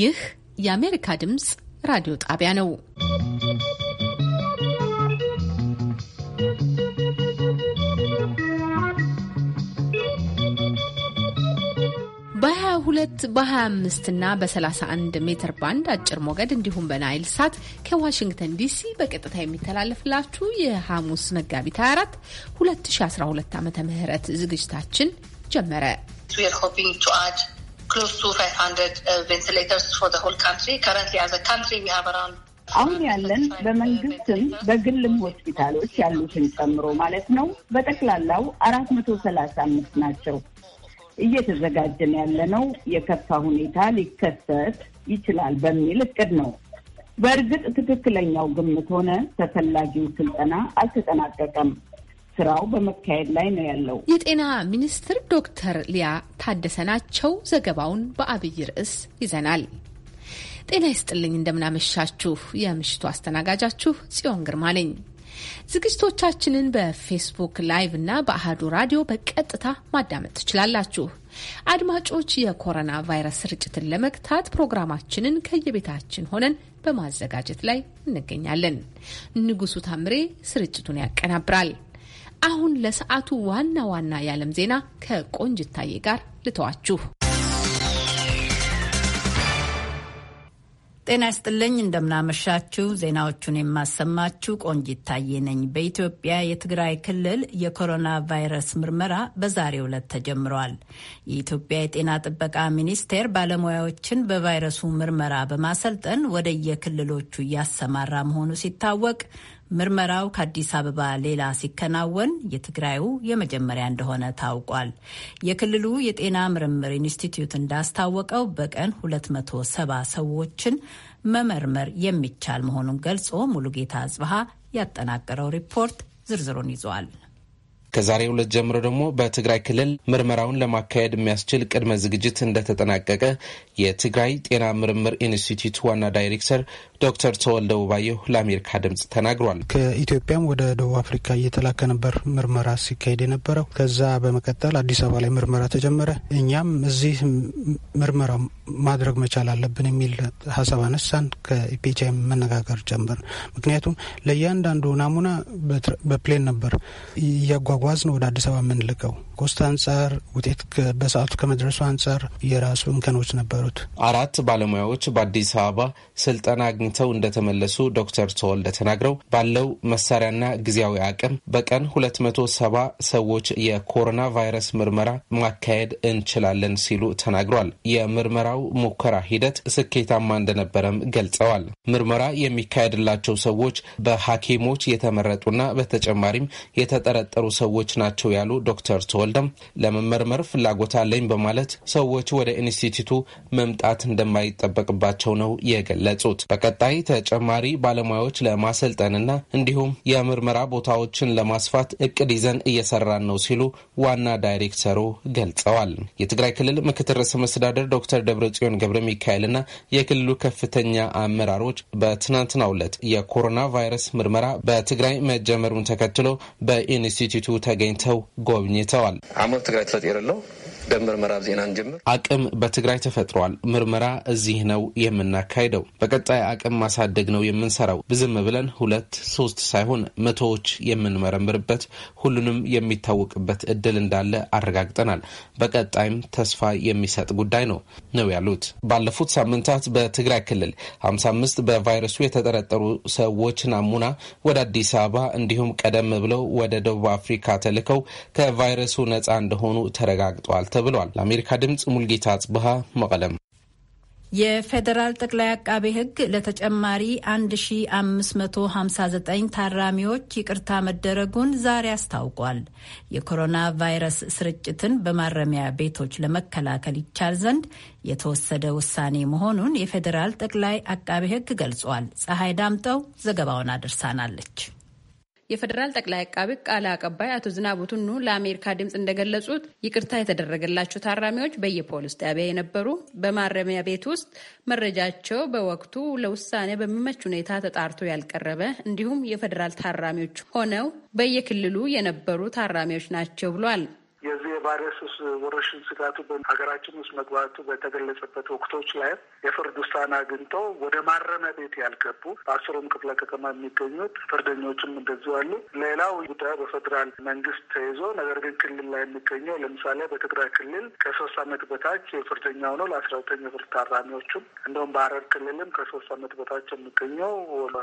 ይህ የአሜሪካ ድምፅ ራዲዮ ጣቢያ ነው። በ22 በ25 እና በ31 ሜትር ባንድ አጭር ሞገድ እንዲሁም በናይል ሳት ከዋሽንግተን ዲሲ በቀጥታ የሚተላለፍላችሁ የሐሙስ መጋቢት 24 2012 ዓ ም ዝግጅታችን ጀመረ። close to 500 uh, ventilators for the whole country. Currently, as a country, we have around አሁን ያለን በመንግስትም በግልም ሆስፒታሎች ያሉትን ጨምሮ ማለት ነው በጠቅላላው አራት መቶ ሰላሳ አምስት ናቸው። እየተዘጋጀን ያለነው የከፋ ሁኔታ ሊከሰት ይችላል በሚል እቅድ ነው። በእርግጥ ትክክለኛው ግምት ሆነ ተፈላጊው ስልጠና አልተጠናቀቀም። ስራው በመካሄድ ላይ ነው ያለው። የጤና ሚኒስትር ዶክተር ሊያ ታደሰ ናቸው። ዘገባውን በአብይ ርዕስ ይዘናል። ጤና ይስጥልኝ፣ እንደምናመሻችሁ። የምሽቱ አስተናጋጃችሁ ጽዮን ግርማ ነኝ። ዝግጅቶቻችንን በፌስቡክ ላይቭ እና በአህዱ ራዲዮ በቀጥታ ማዳመጥ ትችላላችሁ። አድማጮች የኮሮና ቫይረስ ስርጭትን ለመግታት ፕሮግራማችንን ከየቤታችን ሆነን በማዘጋጀት ላይ እንገኛለን። ንጉሱ ታምሬ ስርጭቱን ያቀናብራል። አሁን ለሰዓቱ ዋና ዋና የዓለም ዜና ከቆንጅታዬ ጋር ልተዋችሁ። ጤና ይስጥልኝ። እንደምናመሻችሁ። ዜናዎቹን የማሰማችሁ ቆንጂት ታዬ ነኝ። በኢትዮጵያ የትግራይ ክልል የኮሮና ቫይረስ ምርመራ በዛሬው ዕለት ተጀምሯል። የኢትዮጵያ የጤና ጥበቃ ሚኒስቴር ባለሙያዎችን በቫይረሱ ምርመራ በማሰልጠን ወደየክልሎቹ እያሰማራ መሆኑ ሲታወቅ ምርመራው ከአዲስ አበባ ሌላ ሲከናወን የትግራዩ የመጀመሪያ እንደሆነ ታውቋል። የክልሉ የጤና ምርምር ኢንስቲትዩት እንዳስታወቀው በቀን 270 ሰዎችን መመርመር የሚቻል መሆኑን ገልጾ ሙሉጌታ አጽብሃ ያጠናቀረው ሪፖርት ዝርዝሩን ይዟል። ከዛሬ ሁለት ጀምሮ ደግሞ በትግራይ ክልል ምርመራውን ለማካሄድ የሚያስችል ቅድመ ዝግጅት እንደተጠናቀቀ የትግራይ ጤና ምርምር ኢንስቲትዩት ዋና ዳይሬክተር ዶክተር ተወልደ ውባየሁ ለአሜሪካ ድምጽ ተናግሯል። ከኢትዮጵያም ወደ ደቡብ አፍሪካ እየተላከ ነበር ምርመራ ሲካሄድ የነበረው። ከዛ በመቀጠል አዲስ አበባ ላይ ምርመራ ተጀመረ። እኛም እዚህ ምርመራ ማድረግ መቻል አለብን የሚል ሀሳብ አነሳን። ከፒኤችአይ መነጋገር ጀመር። ምክንያቱም ለእያንዳንዱ ናሙና በፕሌን ነበር እያጓጓዝ ነው ወደ አዲስ አበባ የምንልከው። ኮስት አንጻር፣ ውጤት በሰዓቱ ከመድረሱ አንጻር የራሱ እንከኖች ነበሩት። አራት ባለሙያዎች በአዲስ አበባ ስልጠና አግኝ አግኝተው እንደተመለሱ ዶክተር ተወልደ ተናግረው ባለው መሳሪያና ጊዜያዊ አቅም በቀን 270 ሰዎች የኮሮና ቫይረስ ምርመራ ማካሄድ እንችላለን ሲሉ ተናግሯል። የምርመራው ሙከራ ሂደት ስኬታማ እንደነበረም ገልጸዋል። ምርመራ የሚካሄድላቸው ሰዎች በሐኪሞች የተመረጡና በተጨማሪም የተጠረጠሩ ሰዎች ናቸው ያሉ ዶክተር ተወልደም ለመመርመር ፍላጎት አለኝ በማለት ሰዎች ወደ ኢንስቲትዩቱ መምጣት እንደማይጠበቅባቸው ነው የገለጹት። በቀጣይ ተጨማሪ ባለሙያዎች ለማሰልጠንና እንዲሁም የምርመራ ቦታዎችን ለማስፋት እቅድ ይዘን እየሰራን ነው ሲሉ ዋና ዳይሬክተሩ ገልጸዋል። የትግራይ ክልል ምክትል ርዕሰ መስተዳደር ዶክተር ደብረጽዮን ገብረ ሚካኤልና የክልሉ ከፍተኛ አመራሮች በትናንትናው ዕለት የኮሮና ቫይረስ ምርመራ በትግራይ መጀመሩን ተከትሎ በኢንስቲትዩቱ ተገኝተው ጎብኝተዋል። አሞ ትግራይ ተፈጢሩ በምርመራ ዜና እንጀምር። አቅም በትግራይ ተፈጥሯል። ምርመራ እዚህ ነው የምናካሂደው። በቀጣይ አቅም ማሳደግ ነው የምንሰራው። ብዝም ብለን ሁለት ሶስት ሳይሆን መቶዎች የምንመረምርበት ሁሉንም የሚታወቅበት እድል እንዳለ አረጋግጠናል። በቀጣይም ተስፋ የሚሰጥ ጉዳይ ነው ነው ያሉት። ባለፉት ሳምንታት በትግራይ ክልል 55 በቫይረሱ የተጠረጠሩ ሰዎች ናሙና ወደ አዲስ አበባ እንዲሁም ቀደም ብለው ወደ ደቡብ አፍሪካ ተልከው ከቫይረሱ ነፃ እንደሆኑ ተረጋግጧል። ተብሏል። ለአሜሪካ ድምፅ ሙልጌታ ጽብሃ መቀለም። የፌዴራል ጠቅላይ አቃቤ ሕግ ለተጨማሪ 1559 ታራሚዎች ይቅርታ መደረጉን ዛሬ አስታውቋል። የኮሮና ቫይረስ ስርጭትን በማረሚያ ቤቶች ለመከላከል ይቻል ዘንድ የተወሰደ ውሳኔ መሆኑን የፌዴራል ጠቅላይ አቃቤ ሕግ ገልጿል። ፀሐይ ዳምጠው ዘገባውን አድርሳናለች። የፌዴራል ጠቅላይ አቃቢ ቃል አቀባይ አቶ ዝናቡ ቱኑ ለአሜሪካ ድምፅ እንደገለጹት ይቅርታ የተደረገላቸው ታራሚዎች በየፖሊስ ጣቢያ የነበሩ፣ በማረሚያ ቤት ውስጥ መረጃቸው በወቅቱ ለውሳኔ በሚመች ሁኔታ ተጣርቶ ያልቀረበ እንዲሁም የፌዴራል ታራሚዎች ሆነው በየክልሉ የነበሩ ታራሚዎች ናቸው ብሏል። የቫይረስ ወረርሽኝ ስጋቱ ሀገራችን ውስጥ መግባቱ በተገለጸበት ወቅቶች ላይ የፍርድ ውሳኔ አግኝተው ወደ ማረሚያ ቤት ያልገቡ በአስሩም ክፍለ ከተማ የሚገኙት ፍርደኞችም እንደዚሁ አሉ። ሌላው ጉዳይ በፌዴራል መንግስት ተይዞ ነገር ግን ክልል ላይ የሚገኘው ለምሳሌ በትግራይ ክልል ከሶስት አመት በታች ፍርደኛ ሆኖ ለአስራ ሁለተኛ ፍርድ ታራሚዎቹም እንደውም በሀረር ክልልም ከሶስት አመት በታች የሚገኘው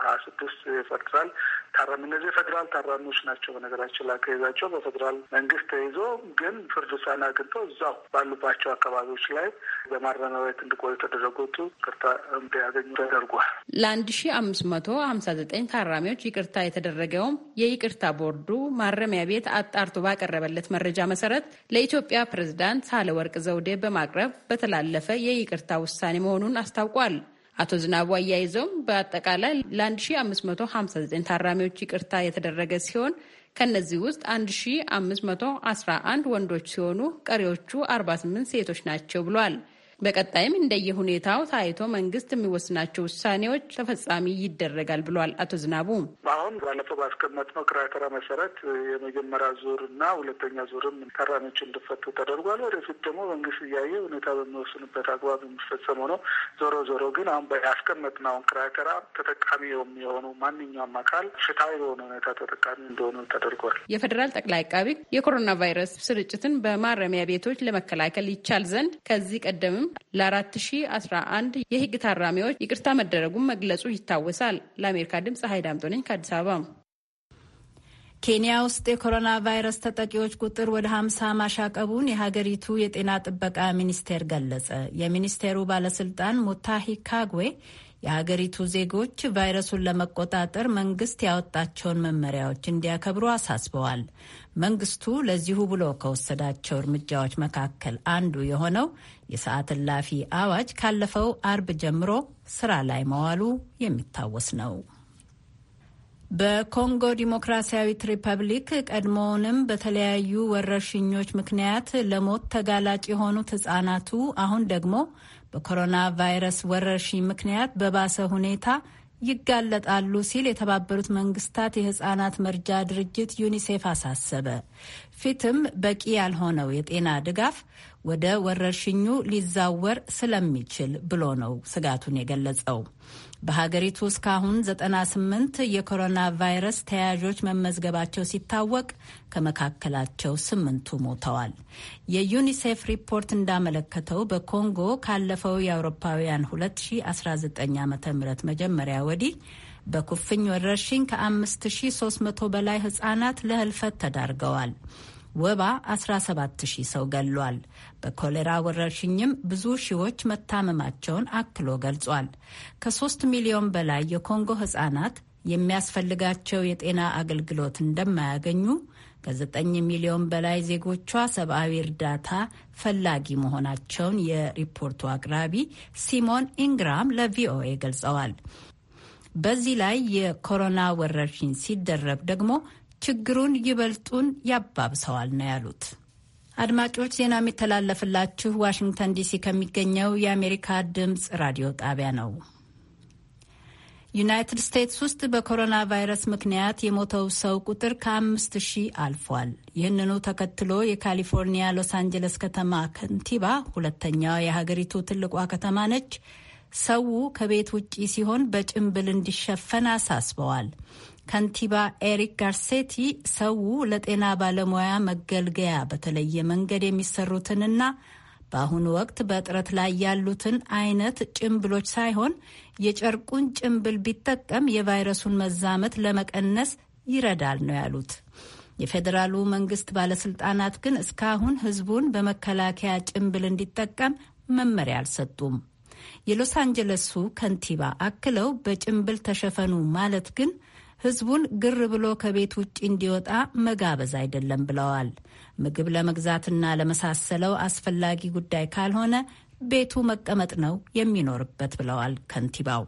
ሀያ ስድስት የፌዴራል ታራሚ እነዚህ የፌዴራል ታራሚዎች ናቸው። በነገራችን ላይ ከይዛቸው በፌዴራል መንግስት ተይዞ ግን ፍርድ ውሳኔ አግኝተው እዛው ባሉባቸው አካባቢዎች ላይ በማረሚያ ቤት እንዲቆዩ የተደረጉት ይቅርታ እንዲያገኙ ተደርጓል። ለአንድ ሺ አምስት መቶ ሀምሳ ዘጠኝ ታራሚዎች ይቅርታ የተደረገውም የይቅርታ ቦርዱ ማረሚያ ቤት አጣርቶ ባቀረበለት መረጃ መሰረት ለኢትዮጵያ ፕሬዝዳንት ሳህለወርቅ ዘውዴ በማቅረብ በተላለፈ የይቅርታ ውሳኔ መሆኑን አስታውቋል። አቶ ዝናቡ አያይዘውም በአጠቃላይ ለ1559 ታራሚዎች ይቅርታ የተደረገ ሲሆን ከነዚህ ውስጥ 1511 ወንዶች ሲሆኑ ቀሪዎቹ 48 ሴቶች ናቸው ብሏል። በቀጣይም እንደየ ሁኔታው ታይቶ መንግስት የሚወስናቸው ውሳኔዎች ተፈጻሚ ይደረጋል ብሏል አቶ ዝናቡ። አሁን ባለፈው ባስቀመጥነው ክራከራ መሰረት የመጀመሪያ ዙር እና ሁለተኛ ዙርም ታራሚዎች እንዲፈቱ ተደርጓል። ወደፊት ደግሞ መንግስት እያየ ሁኔታ በሚወስንበት አግባብ የሚፈጸመው ነው። ዞሮ ዞሮ ግን አሁን ያስቀመጥነው አሁን ክራከራ ተጠቃሚ የሚሆኑ ማንኛውም አካል ፍትሐዊ በሆነ ሁኔታ ተጠቃሚ እንደሆኑ ተደርጓል። የፌዴራል ጠቅላይ አቃቢ የኮሮና ቫይረስ ስርጭትን በማረሚያ ቤቶች ለመከላከል ይቻል ዘንድ ከዚህ ቀደምም ለ4011 የህግ ታራሚዎች ይቅርታ መደረጉን መግለጹ ይታወሳል። ለአሜሪካ ድምፅ ሀይ ዳምጦ ነኝ ከአዲስ አበባ። ኬንያ ውስጥ የኮሮና ቫይረስ ተጠቂዎች ቁጥር ወደ 50 ማሻቀቡን የሀገሪቱ የጤና ጥበቃ ሚኒስቴር ገለጸ። የሚኒስቴሩ ባለስልጣን ሙታሂ ካግዌ የሀገሪቱ ዜጎች ቫይረሱን ለመቆጣጠር መንግስት ያወጣቸውን መመሪያዎች እንዲያከብሩ አሳስበዋል። መንግስቱ ለዚሁ ብሎ ከወሰዳቸው እርምጃዎች መካከል አንዱ የሆነው የሰዓት እላፊ አዋጅ ካለፈው አርብ ጀምሮ ስራ ላይ መዋሉ የሚታወስ ነው። በኮንጎ ዲሞክራሲያዊት ሪፐብሊክ ቀድሞውንም በተለያዩ ወረርሽኞች ምክንያት ለሞት ተጋላጭ የሆኑት ህጻናቱ አሁን ደግሞ በኮሮና ቫይረስ ወረርሽኝ ምክንያት በባሰ ሁኔታ ይጋለጣሉ ሲል የተባበሩት መንግስታት የህጻናት መርጃ ድርጅት ዩኒሴፍ አሳሰበ። ፊትም በቂ ያልሆነው የጤና ድጋፍ ወደ ወረርሽኙ ሊዛወር ስለሚችል ብሎ ነው ስጋቱን የገለጸው። በሀገሪቱ እስካሁን 98 የኮሮና ቫይረስ ተያያዦች መመዝገባቸው ሲታወቅ ከመካከላቸው ስምንቱ ሞተዋል። የዩኒሴፍ ሪፖርት እንዳመለከተው በኮንጎ ካለፈው የአውሮፓውያን 2019 ዓ ም መጀመሪያ ወዲህ በኩፍኝ ወረርሽኝ ከ5300 በላይ ህጻናት ለህልፈት ተዳርገዋል። ወባ 17000 ሰው ገሏል። በኮሌራ ወረርሽኝም ብዙ ሺዎች መታመማቸውን አክሎ ገልጿል። ከ3 ሚሊዮን በላይ የኮንጎ ህጻናት የሚያስፈልጋቸው የጤና አገልግሎት እንደማያገኙ፣ ከ9 ሚሊዮን በላይ ዜጎቿ ሰብአዊ እርዳታ ፈላጊ መሆናቸውን የሪፖርቱ አቅራቢ ሲሞን ኢንግራም ለቪኦኤ ገልጸዋል። በዚህ ላይ የኮሮና ወረርሽኝ ሲደረብ ደግሞ ችግሩን ይበልጡን ያባብሰዋል ነው ያሉት። አድማጮች ዜና የሚተላለፍላችሁ ዋሽንግተን ዲሲ ከሚገኘው የአሜሪካ ድምፅ ራዲዮ ጣቢያ ነው። ዩናይትድ ስቴትስ ውስጥ በኮሮና ቫይረስ ምክንያት የሞተው ሰው ቁጥር ከአምስት ሺህ አልፏል። ይህንኑ ተከትሎ የካሊፎርኒያ ሎስ አንጀለስ ከተማ ከንቲባ ሁለተኛዋ የሀገሪቱ ትልቋ ከተማ ነች ሰው ከቤት ውጪ ሲሆን በጭንብል እንዲሸፈን አሳስበዋል። ከንቲባ ኤሪክ ጋርሴቲ ሰው ለጤና ባለሙያ መገልገያ በተለየ መንገድ የሚሰሩትንና በአሁኑ ወቅት በእጥረት ላይ ያሉትን አይነት ጭንብሎች ሳይሆን የጨርቁን ጭንብል ቢጠቀም የቫይረሱን መዛመት ለመቀነስ ይረዳል ነው ያሉት። የፌዴራሉ መንግስት ባለስልጣናት ግን እስካሁን ህዝቡን በመከላከያ ጭንብል እንዲጠቀም መመሪያ አልሰጡም። የሎስ አንጀለሱ ከንቲባ አክለው በጭንብል ተሸፈኑ ማለት ግን ህዝቡን ግር ብሎ ከቤት ውጭ እንዲወጣ መጋበዝ አይደለም ብለዋል። ምግብ ለመግዛትና ለመሳሰለው አስፈላጊ ጉዳይ ካልሆነ ቤቱ መቀመጥ ነው የሚኖርበት ብለዋል ከንቲባው።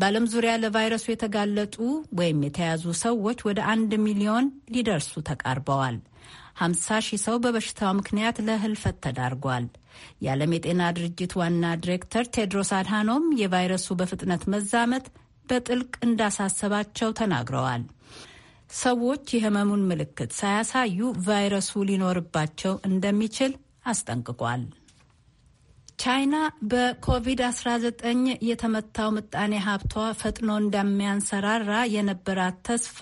በዓለም ዙሪያ ለቫይረሱ የተጋለጡ ወይም የተያዙ ሰዎች ወደ አንድ ሚሊዮን ሊደርሱ ተቃርበዋል። 50 ሺህ ሰው በበሽታው ምክንያት ለህልፈት ተዳርጓል። የዓለም የጤና ድርጅት ዋና ዲሬክተር ቴድሮስ አድሃኖም የቫይረሱ በፍጥነት መዛመት በጥልቅ እንዳሳሰባቸው ተናግረዋል። ሰዎች የህመሙን ምልክት ሳያሳዩ ቫይረሱ ሊኖርባቸው እንደሚችል አስጠንቅቋል። ቻይና በኮቪድ-19 የተመታው ምጣኔ ሀብቷ ፈጥኖ እንደሚያንሰራራ የነበራት ተስፋ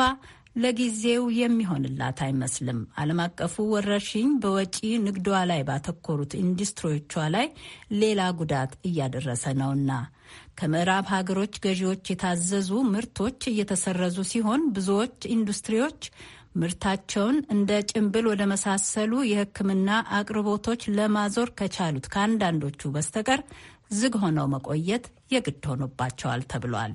ለጊዜው የሚሆንላት አይመስልም። ዓለም አቀፉ ወረርሽኝ በወጪ ንግዷ ላይ ባተኮሩት ኢንዱስትሪዎቿ ላይ ሌላ ጉዳት እያደረሰ ነውና ከምዕራብ ሀገሮች ገዢዎች የታዘዙ ምርቶች እየተሰረዙ ሲሆን ብዙዎች ኢንዱስትሪዎች ምርታቸውን እንደ ጭንብል ወደ መሳሰሉ የሕክምና አቅርቦቶች ለማዞር ከቻሉት ከአንዳንዶቹ በስተቀር ዝግ ሆነው መቆየት የግድ ሆኖባቸዋል ተብሏል።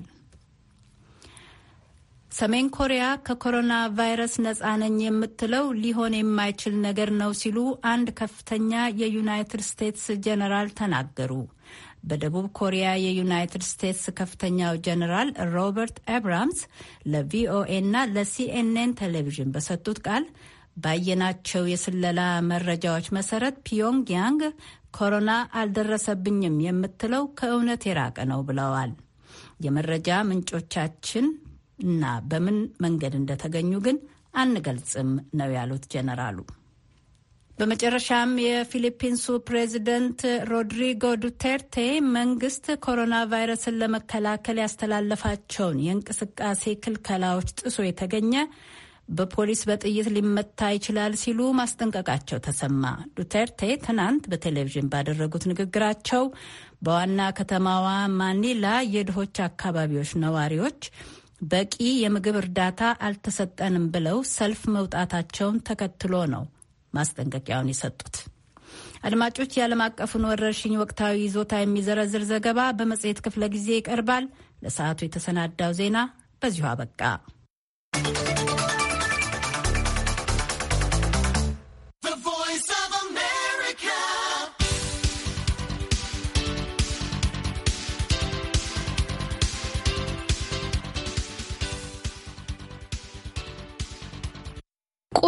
ሰሜን ኮሪያ ከኮሮና ቫይረስ ነጻ ነኝ የምትለው ሊሆን የማይችል ነገር ነው ሲሉ አንድ ከፍተኛ የዩናይትድ ስቴትስ ጀነራል ተናገሩ። በደቡብ ኮሪያ የዩናይትድ ስቴትስ ከፍተኛው ጀነራል ሮበርት አብራምስ ለቪኦኤና ለሲኤንኤን ቴሌቪዥን በሰጡት ቃል ባየናቸው የስለላ መረጃዎች መሰረት ፒዮንግያንግ ኮሮና አልደረሰብኝም የምትለው ከእውነት የራቀ ነው ብለዋል። የመረጃ ምንጮቻችን እና በምን መንገድ እንደተገኙ ግን አንገልጽም ነው ያሉት ጀነራሉ በመጨረሻም የፊሊፒንሱ ፕሬዚደንት ሮድሪጎ ዱቴርቴ መንግስት ኮሮና ቫይረስን ለመከላከል ያስተላለፋቸውን የእንቅስቃሴ ክልከላዎች ጥሶ የተገኘ በፖሊስ በጥይት ሊመታ ይችላል ሲሉ ማስጠንቀቃቸው ተሰማ። ዱቴርቴ ትናንት በቴሌቪዥን ባደረጉት ንግግራቸው በዋና ከተማዋ ማኒላ የድሆች አካባቢዎች ነዋሪዎች በቂ የምግብ እርዳታ አልተሰጠንም ብለው ሰልፍ መውጣታቸውን ተከትሎ ነው ማስጠንቀቂያውን የሰጡት። አድማጮች፣ የዓለም አቀፉን ወረርሽኝ ወቅታዊ ይዞታ የሚዘረዝር ዘገባ በመጽሔት ክፍለ ጊዜ ይቀርባል። ለሰዓቱ የተሰናዳው ዜና በዚሁ አበቃ።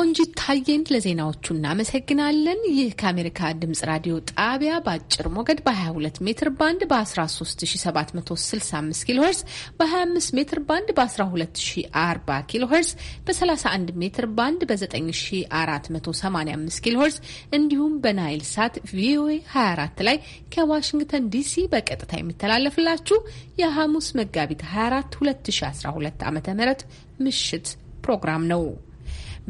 ቆንጂት ታየን ለዜናዎቹ እናመሰግናለን። ይህ ከአሜሪካ ድምጽ ራዲዮ ጣቢያ በአጭር ሞገድ በ22 ሜትር ባንድ በ13765 ኪሎ ሄርስ፣ በ25 ሜትር ባንድ በ1240 ኪሎ ሄርስ፣ በ31 ሜትር ባንድ በ9485 ኪሎ ሄርስ እንዲሁም በናይል ሳት ቪኦኤ 24 ላይ ከዋሽንግተን ዲሲ በቀጥታ የሚተላለፍላችሁ የሐሙስ መጋቢት 24 2012 ዓ ም ምሽት ፕሮግራም ነው።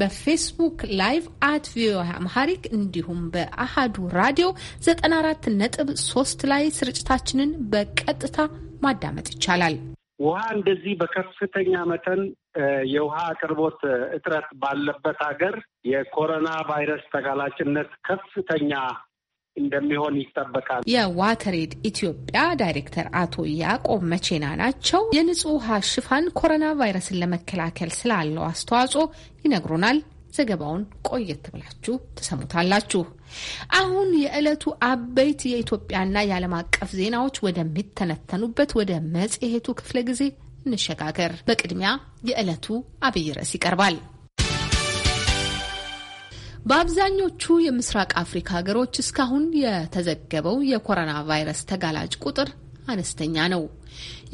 በፌስቡክ ላይቭ አት ቪኦኤ አምሃሪክ እንዲሁም በአሃዱ ራዲዮ 94.3 ላይ ስርጭታችንን በቀጥታ ማዳመጥ ይቻላል። ውሃ እንደዚህ በከፍተኛ መጠን የውሃ አቅርቦት እጥረት ባለበት ሀገር የኮሮና ቫይረስ ተጋላጭነት ከፍተኛ እንደሚሆን ይጠበቃል። የዋተሬድ ኢትዮጵያ ዳይሬክተር አቶ ያዕቆብ መቼና ናቸው። የንጹህ ውሃ ሽፋን ኮሮና ቫይረስን ለመከላከል ስላለው አስተዋጽኦ ይነግሩናል። ዘገባውን ቆየት ብላችሁ ትሰሙታላችሁ። አሁን የዕለቱ አበይት የኢትዮጵያና የዓለም አቀፍ ዜናዎች ወደሚተነተኑበት ወደ መጽሔቱ ክፍለ ጊዜ እንሸጋገር። በቅድሚያ የዕለቱ አብይ ርዕስ ይቀርባል። በአብዛኞቹ የምስራቅ አፍሪካ ሀገሮች እስካሁን የተዘገበው የኮሮና ቫይረስ ተጋላጭ ቁጥር አነስተኛ ነው።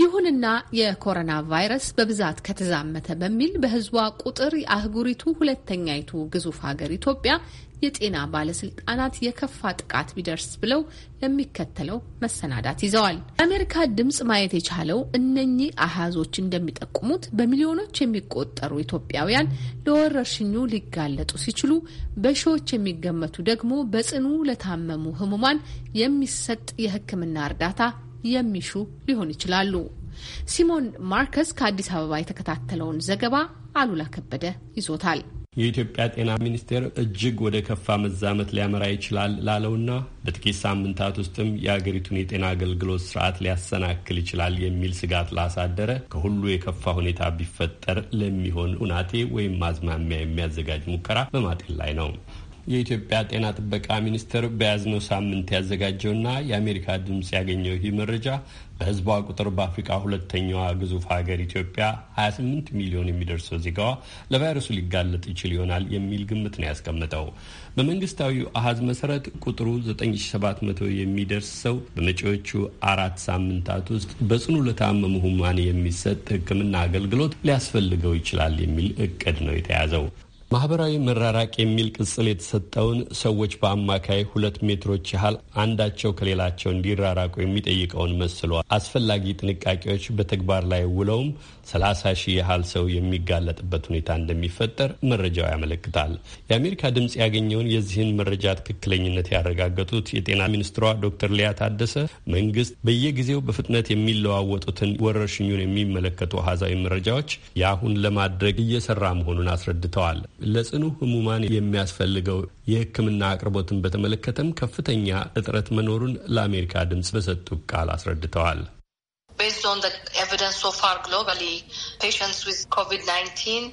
ይሁንና የኮሮና ቫይረስ በብዛት ከተዛመተ በሚል በህዝቧ ቁጥር የአህጉሪቱ ሁለተኛይቱ ግዙፍ ሀገር ኢትዮጵያ የጤና ባለስልጣናት የከፋ ጥቃት ቢደርስ ብለው ለሚከተለው መሰናዳት ይዘዋል። የአሜሪካ ድምጽ ማየት የቻለው እነኚህ አሃዞች እንደሚጠቁሙት በሚሊዮኖች የሚቆጠሩ ኢትዮጵያውያን ለወረርሽኙ ሊጋለጡ ሲችሉ፣ በሺዎች የሚገመቱ ደግሞ በጽኑ ለታመሙ ህሙማን የሚሰጥ የሕክምና እርዳታ የሚሹ ሊሆን ይችላሉ። ሲሞን ማርከስ ከአዲስ አበባ የተከታተለውን ዘገባ አሉላ ከበደ ይዞታል። የኢትዮጵያ ጤና ሚኒስቴር እጅግ ወደ ከፋ መዛመት ሊያመራ ይችላል ላለውና በጥቂት ሳምንታት ውስጥም የአገሪቱን የጤና አገልግሎት ስርዓት ሊያሰናክል ይችላል የሚል ስጋት ላሳደረ ከሁሉ የከፋ ሁኔታ ቢፈጠር ለሚሆን ሁናቴ ወይም ማዝማሚያ የሚያዘጋጅ ሙከራ በማጤን ላይ ነው። የኢትዮጵያ ጤና ጥበቃ ሚኒስቴር በያዝነው ሳምንት ያዘጋጀውና የአሜሪካ ድምፅ ያገኘው ይህ መረጃ በህዝቧ ቁጥር በአፍሪካ ሁለተኛዋ ግዙፍ ሀገር ኢትዮጵያ 28 ሚሊዮን የሚደርሰው ዜጋዋ ለቫይረሱ ሊጋለጥ ይችል ይሆናል የሚል ግምት ነው ያስቀምጠው። በመንግስታዊ አሀዝ መሰረት ቁጥሩ 9700 የሚደርስ ሰው በመጪዎቹ አራት ሳምንታት ውስጥ በጽኑ ለታመሙ ህሙማን የሚሰጥ ሕክምና አገልግሎት ሊያስፈልገው ይችላል የሚል እቅድ ነው የተያዘው። ማህበራዊ መራራቅ የሚል ቅጽል የተሰጠውን ሰዎች በአማካይ ሁለት ሜትሮች ያህል አንዳቸው ከሌላቸው እንዲራራቁ የሚጠይቀውን መስሏል። አስፈላጊ ጥንቃቄዎች በተግባር ላይ ውለውም ሰላሳ ሺህ ያህል ሰው የሚጋለጥበት ሁኔታ እንደሚፈጠር መረጃው ያመለክታል። የአሜሪካ ድምፅ ያገኘውን የዚህን መረጃ ትክክለኝነት ያረጋገጡት የጤና ሚኒስትሯ ዶክተር ሊያ ታደሰ መንግስት በየጊዜው በፍጥነት የሚለዋወጡትን ወረርሽኙን የሚመለከቱ አሃዛዊ መረጃዎች የአሁን ለማድረግ እየሰራ መሆኑን አስረድተዋል። ለጽኑ ህሙማን የሚያስፈልገው የህክምና አቅርቦትን በተመለከተም ከፍተኛ እጥረት መኖሩን ለአሜሪካ ድምፅ በሰጡ ቃል አስረድተዋል። based on the evidence so far globally, patients with COVID-19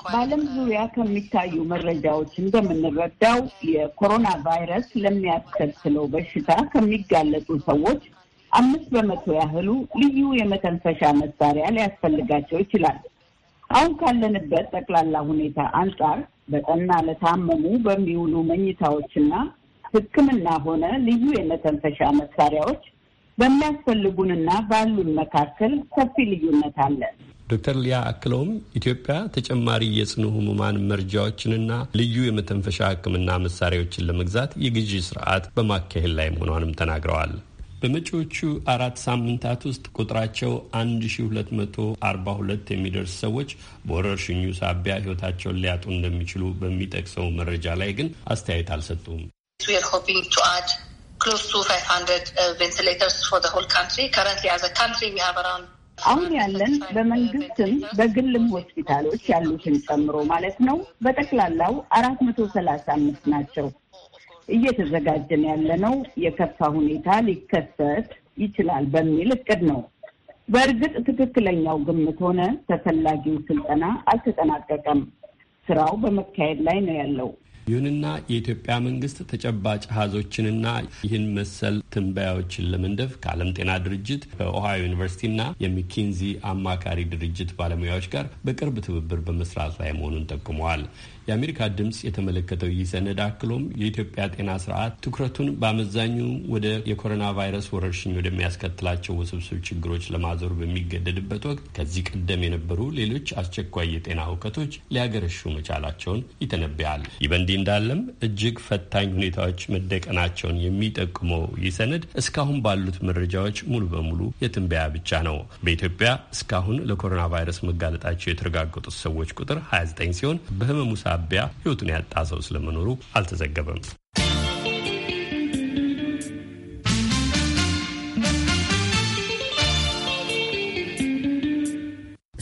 በዓለም ዙሪያ ከሚታዩ መረጃዎች እንደምንረዳው የኮሮና ቫይረስ ለሚያስከትለው በሽታ ከሚጋለጡ ሰዎች አምስት በመቶ ያህሉ ልዩ የመተንፈሻ መሳሪያ ሊያስፈልጋቸው ይችላል። አሁን ካለንበት ጠቅላላ ሁኔታ አንጻር በጠና ለታመሙ በሚውሉ መኝታዎችና ሕክምና ሆነ ልዩ የመተንፈሻ መሳሪያዎች በሚያስፈልጉንና ባሉን መካከል ሰፊ ልዩነት አለ። ዶክተር ሊያ አክለውም ኢትዮጵያ ተጨማሪ የጽኑ ህሙማን መርጃዎችንና ልዩ የመተንፈሻ ህክምና መሳሪያዎችን ለመግዛት የግዢ ስርዓት በማካሄድ ላይ መሆኗንም ተናግረዋል። በመጪዎቹ አራት ሳምንታት ውስጥ ቁጥራቸው 1242 የሚደርስ ሰዎች በወረርሽኙ ሳቢያ ሕይወታቸውን ሊያጡ እንደሚችሉ በሚጠቅሰው መረጃ ላይ ግን አስተያየት አልሰጡም። uh, አሁን ያለን በመንግስትም በግልም ሆስፒታሎች ያሉትን ጨምሮ ማለት ነው በጠቅላላው አራት መቶ ሰላሳ አምስት ናቸው። እየተዘጋጀን ያለነው የከፋ ሁኔታ ሊከሰት ይችላል በሚል እቅድ ነው። በእርግጥ ትክክለኛው ግምት ሆነ ተፈላጊው ስልጠና አልተጠናቀቀም። ስራው በመካሄድ ላይ ነው ያለው። ይሁንና የኢትዮጵያ መንግስት ተጨባጭ ሀዞችንና ይህን መሰል ትንበያዎችን ለመንደፍ ከዓለም ጤና ድርጅት ከኦሃዮ ዩኒቨርሲቲና የሚኪንዚ አማካሪ ድርጅት ባለሙያዎች ጋር በቅርብ ትብብር በመስራት ላይ መሆኑን ጠቁመዋል። የአሜሪካ ድምፅ የተመለከተው ይህ ሰነድ አክሎም የኢትዮጵያ ጤና ስርዓት ትኩረቱን በአመዛኙ ወደ የኮሮና ቫይረስ ወረርሽኝ ወደሚያስከትላቸው ውስብስብ ችግሮች ለማዞር በሚገደድበት ወቅት ከዚህ ቀደም የነበሩ ሌሎች አስቸኳይ የጤና እውከቶች ሊያገረሹ መቻላቸውን ይተነብያል። ይህ በእንዲህ እንዳለም እጅግ ፈታኝ ሁኔታዎች መደቀናቸውን የሚጠቁመው ይህ ሰነድ እስካሁን ባሉት መረጃዎች ሙሉ በሙሉ የትንበያ ብቻ ነው። በኢትዮጵያ እስካሁን ለኮሮና ቫይረስ መጋለጣቸው የተረጋገጡት ሰዎች ቁጥር 29 ሲሆን በህመሙ ሳቢያ ህይወቱን ያጣ ሰው ስለመኖሩ አልተዘገበም።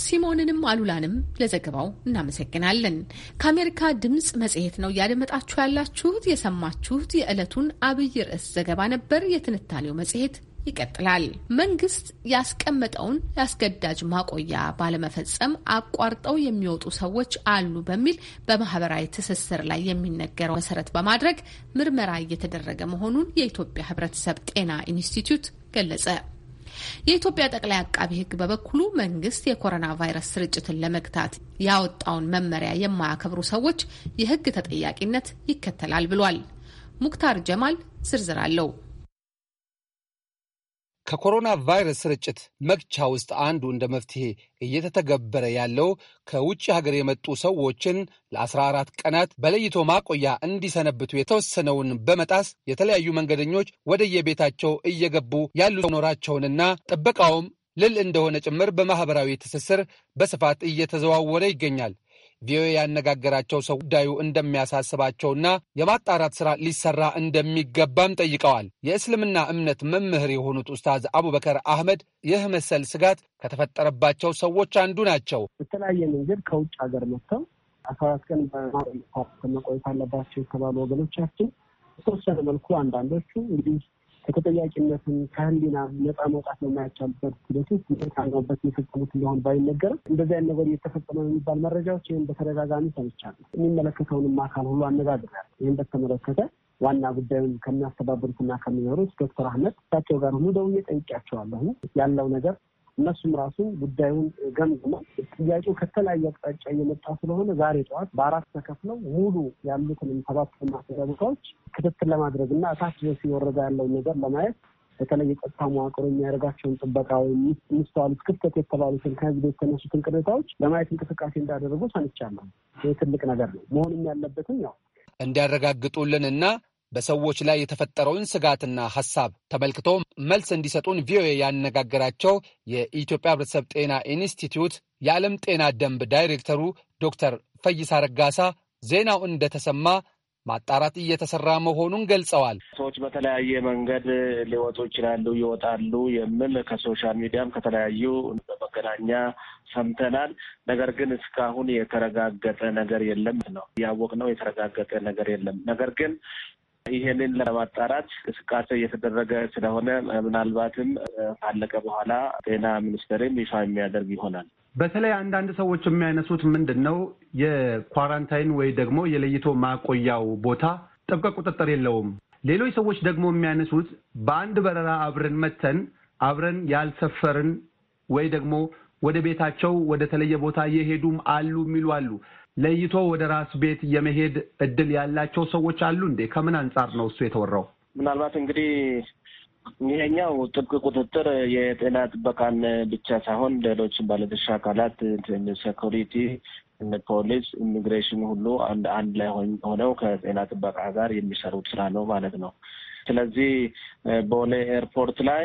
ሲሞንንም አሉላንም ለዘገባው እናመሰግናለን። ከአሜሪካ ድምፅ መጽሔት ነው እያደመጣችሁ ያላችሁት። የሰማችሁት የዕለቱን አብይ ርዕስ ዘገባ ነበር። የትንታኔው መጽሔት ይቀጥላል። መንግስት ያስቀመጠውን ያስገዳጅ ማቆያ ባለመፈጸም አቋርጠው የሚወጡ ሰዎች አሉ በሚል በማህበራዊ ትስስር ላይ የሚነገረው መሰረት በማድረግ ምርመራ እየተደረገ መሆኑን የኢትዮጵያ ሕብረተሰብ ጤና ኢንስቲትዩት ገለጸ። የኢትዮጵያ ጠቅላይ አቃቢ ሕግ በበኩሉ መንግስት የኮሮና ቫይረስ ስርጭትን ለመግታት ያወጣውን መመሪያ የማያከብሩ ሰዎች የህግ ተጠያቂነት ይከተላል ብሏል። ሙክታር ጀማል ዝርዝር አለው። ከኮሮና ቫይረስ ስርጭት መግቻ ውስጥ አንዱ እንደ መፍትሄ እየተተገበረ ያለው ከውጭ ሀገር የመጡ ሰዎችን ለ14 ቀናት በለይቶ ማቆያ እንዲሰነብቱ የተወሰነውን በመጣስ የተለያዩ መንገደኞች ወደየቤታቸው እየገቡ ያሉ መኖራቸውንና ጥበቃውም ልል እንደሆነ ጭምር በማኅበራዊ ትስስር በስፋት እየተዘዋወረ ይገኛል። ቪኦኤ ያነጋገራቸው ሰው ጉዳዩ እንደሚያሳስባቸውና የማጣራት ስራ ሊሰራ እንደሚገባም ጠይቀዋል። የእስልምና እምነት መምህር የሆኑት ኡስታዝ አቡበከር አህመድ ይህ መሰል ስጋት ከተፈጠረባቸው ሰዎች አንዱ ናቸው። በተለያየ መንገድ ከውጭ ሀገር መጥተው አስራ አራት ቀን በማቆየት አለባቸው የተባሉ ወገኖቻችን በተወሰነ መልኩ አንዳንዶቹ እንግዲህ ከተጠያቂነትም ከህሊና ነፃ መውጣት ነው በማያቻልበት ሂደቶች ታንበት የፈጸሙት እንደሆን ባይነገርም እንደዚህ አይነት ነገር እየተፈጸመ የሚባል መረጃዎች ይህም በተደጋጋሚ ሰምቻለሁ። የሚመለከተውንም አካል ሁሉ አነጋግሬያለሁ። ይህም በተመለከተ ዋና ጉዳዩን ከሚያስተባብሩትና ከሚኖሩት ዶክተር አህመድ እሳቸው ጋር ሁሉ ደውዬ ጠይቄያቸዋለሁ። ያለው ነገር እነሱም ራሱ ጉዳዩን ገምግሞ ጥያቄው ከተለያየ አቅጣጫ እየመጣ ስለሆነ ዛሬ ጠዋት በአራት ተከፍለው ሙሉ ያሉትንም ሰባት ማስሪያ ቦታዎች ክትትል ለማድረግ እና እታች ድረስ የወረዳ ያለውን ነገር ለማየት በተለይ የጸጥታ መዋቅሩ የሚያደርጋቸውን ጥበቃ ወይም የሚስተዋሉት ክፍተት የተባሉትን ከህዝብ የተነሱትን ቅሬታዎች ለማየት እንቅስቃሴ እንዳደረጉ ሰምቻለሁ። ይህ ትልቅ ነገር ነው። መሆንም ያለበትም ያው እንዲያረጋግጡልን እና በሰዎች ላይ የተፈጠረውን ስጋትና ሐሳብ ተመልክቶ መልስ እንዲሰጡን ቪኦኤ ያነጋገራቸው የኢትዮጵያ ሕብረተሰብ ጤና ኢንስቲትዩት የዓለም ጤና ደንብ ዳይሬክተሩ ዶክተር ፈይሳ ረጋሳ ዜናው እንደተሰማ ማጣራት እየተሰራ መሆኑን ገልጸዋል። ሰዎች በተለያየ መንገድ ሊወጡ ይችላሉ፣ ይወጣሉ የሚል ከሶሻል ሚዲያም ከተለያዩ በመገናኛ ሰምተናል። ነገር ግን እስካሁን የተረጋገጠ ነገር የለም ነው ያወቅነው። የተረጋገጠ ነገር የለም። ነገር ግን ይሄንን ለማጣራት እንቅስቃሴ እየተደረገ ስለሆነ ምናልባትም ካለቀ በኋላ ጤና ሚኒስቴርም ይፋ የሚያደርግ ይሆናል። በተለይ አንዳንድ ሰዎች የሚያነሱት ምንድን ነው የኳራንታይን ወይ ደግሞ የለይቶ ማቆያው ቦታ ጥብቅ ቁጥጥር የለውም። ሌሎች ሰዎች ደግሞ የሚያነሱት በአንድ በረራ አብረን መተን አብረን ያልሰፈርን ወይ ደግሞ ወደ ቤታቸው ወደ ተለየ ቦታ የሄዱም አሉ የሚሉ አሉ። ለይቶ ወደ ራስ ቤት የመሄድ እድል ያላቸው ሰዎች አሉ እንዴ? ከምን አንጻር ነው እሱ የተወራው? ምናልባት እንግዲህ ይሄኛው ጥብቅ ቁጥጥር የጤና ጥበቃን ብቻ ሳይሆን ሌሎች ባለድርሻ አካላት ሴኩሪቲ፣ ፖሊስ፣ ኢሚግሬሽን ሁሉ አንድ ላይ ሆነው ከጤና ጥበቃ ጋር የሚሰሩት ስራ ነው ማለት ነው። ስለዚህ ቦሌ ኤርፖርት ላይ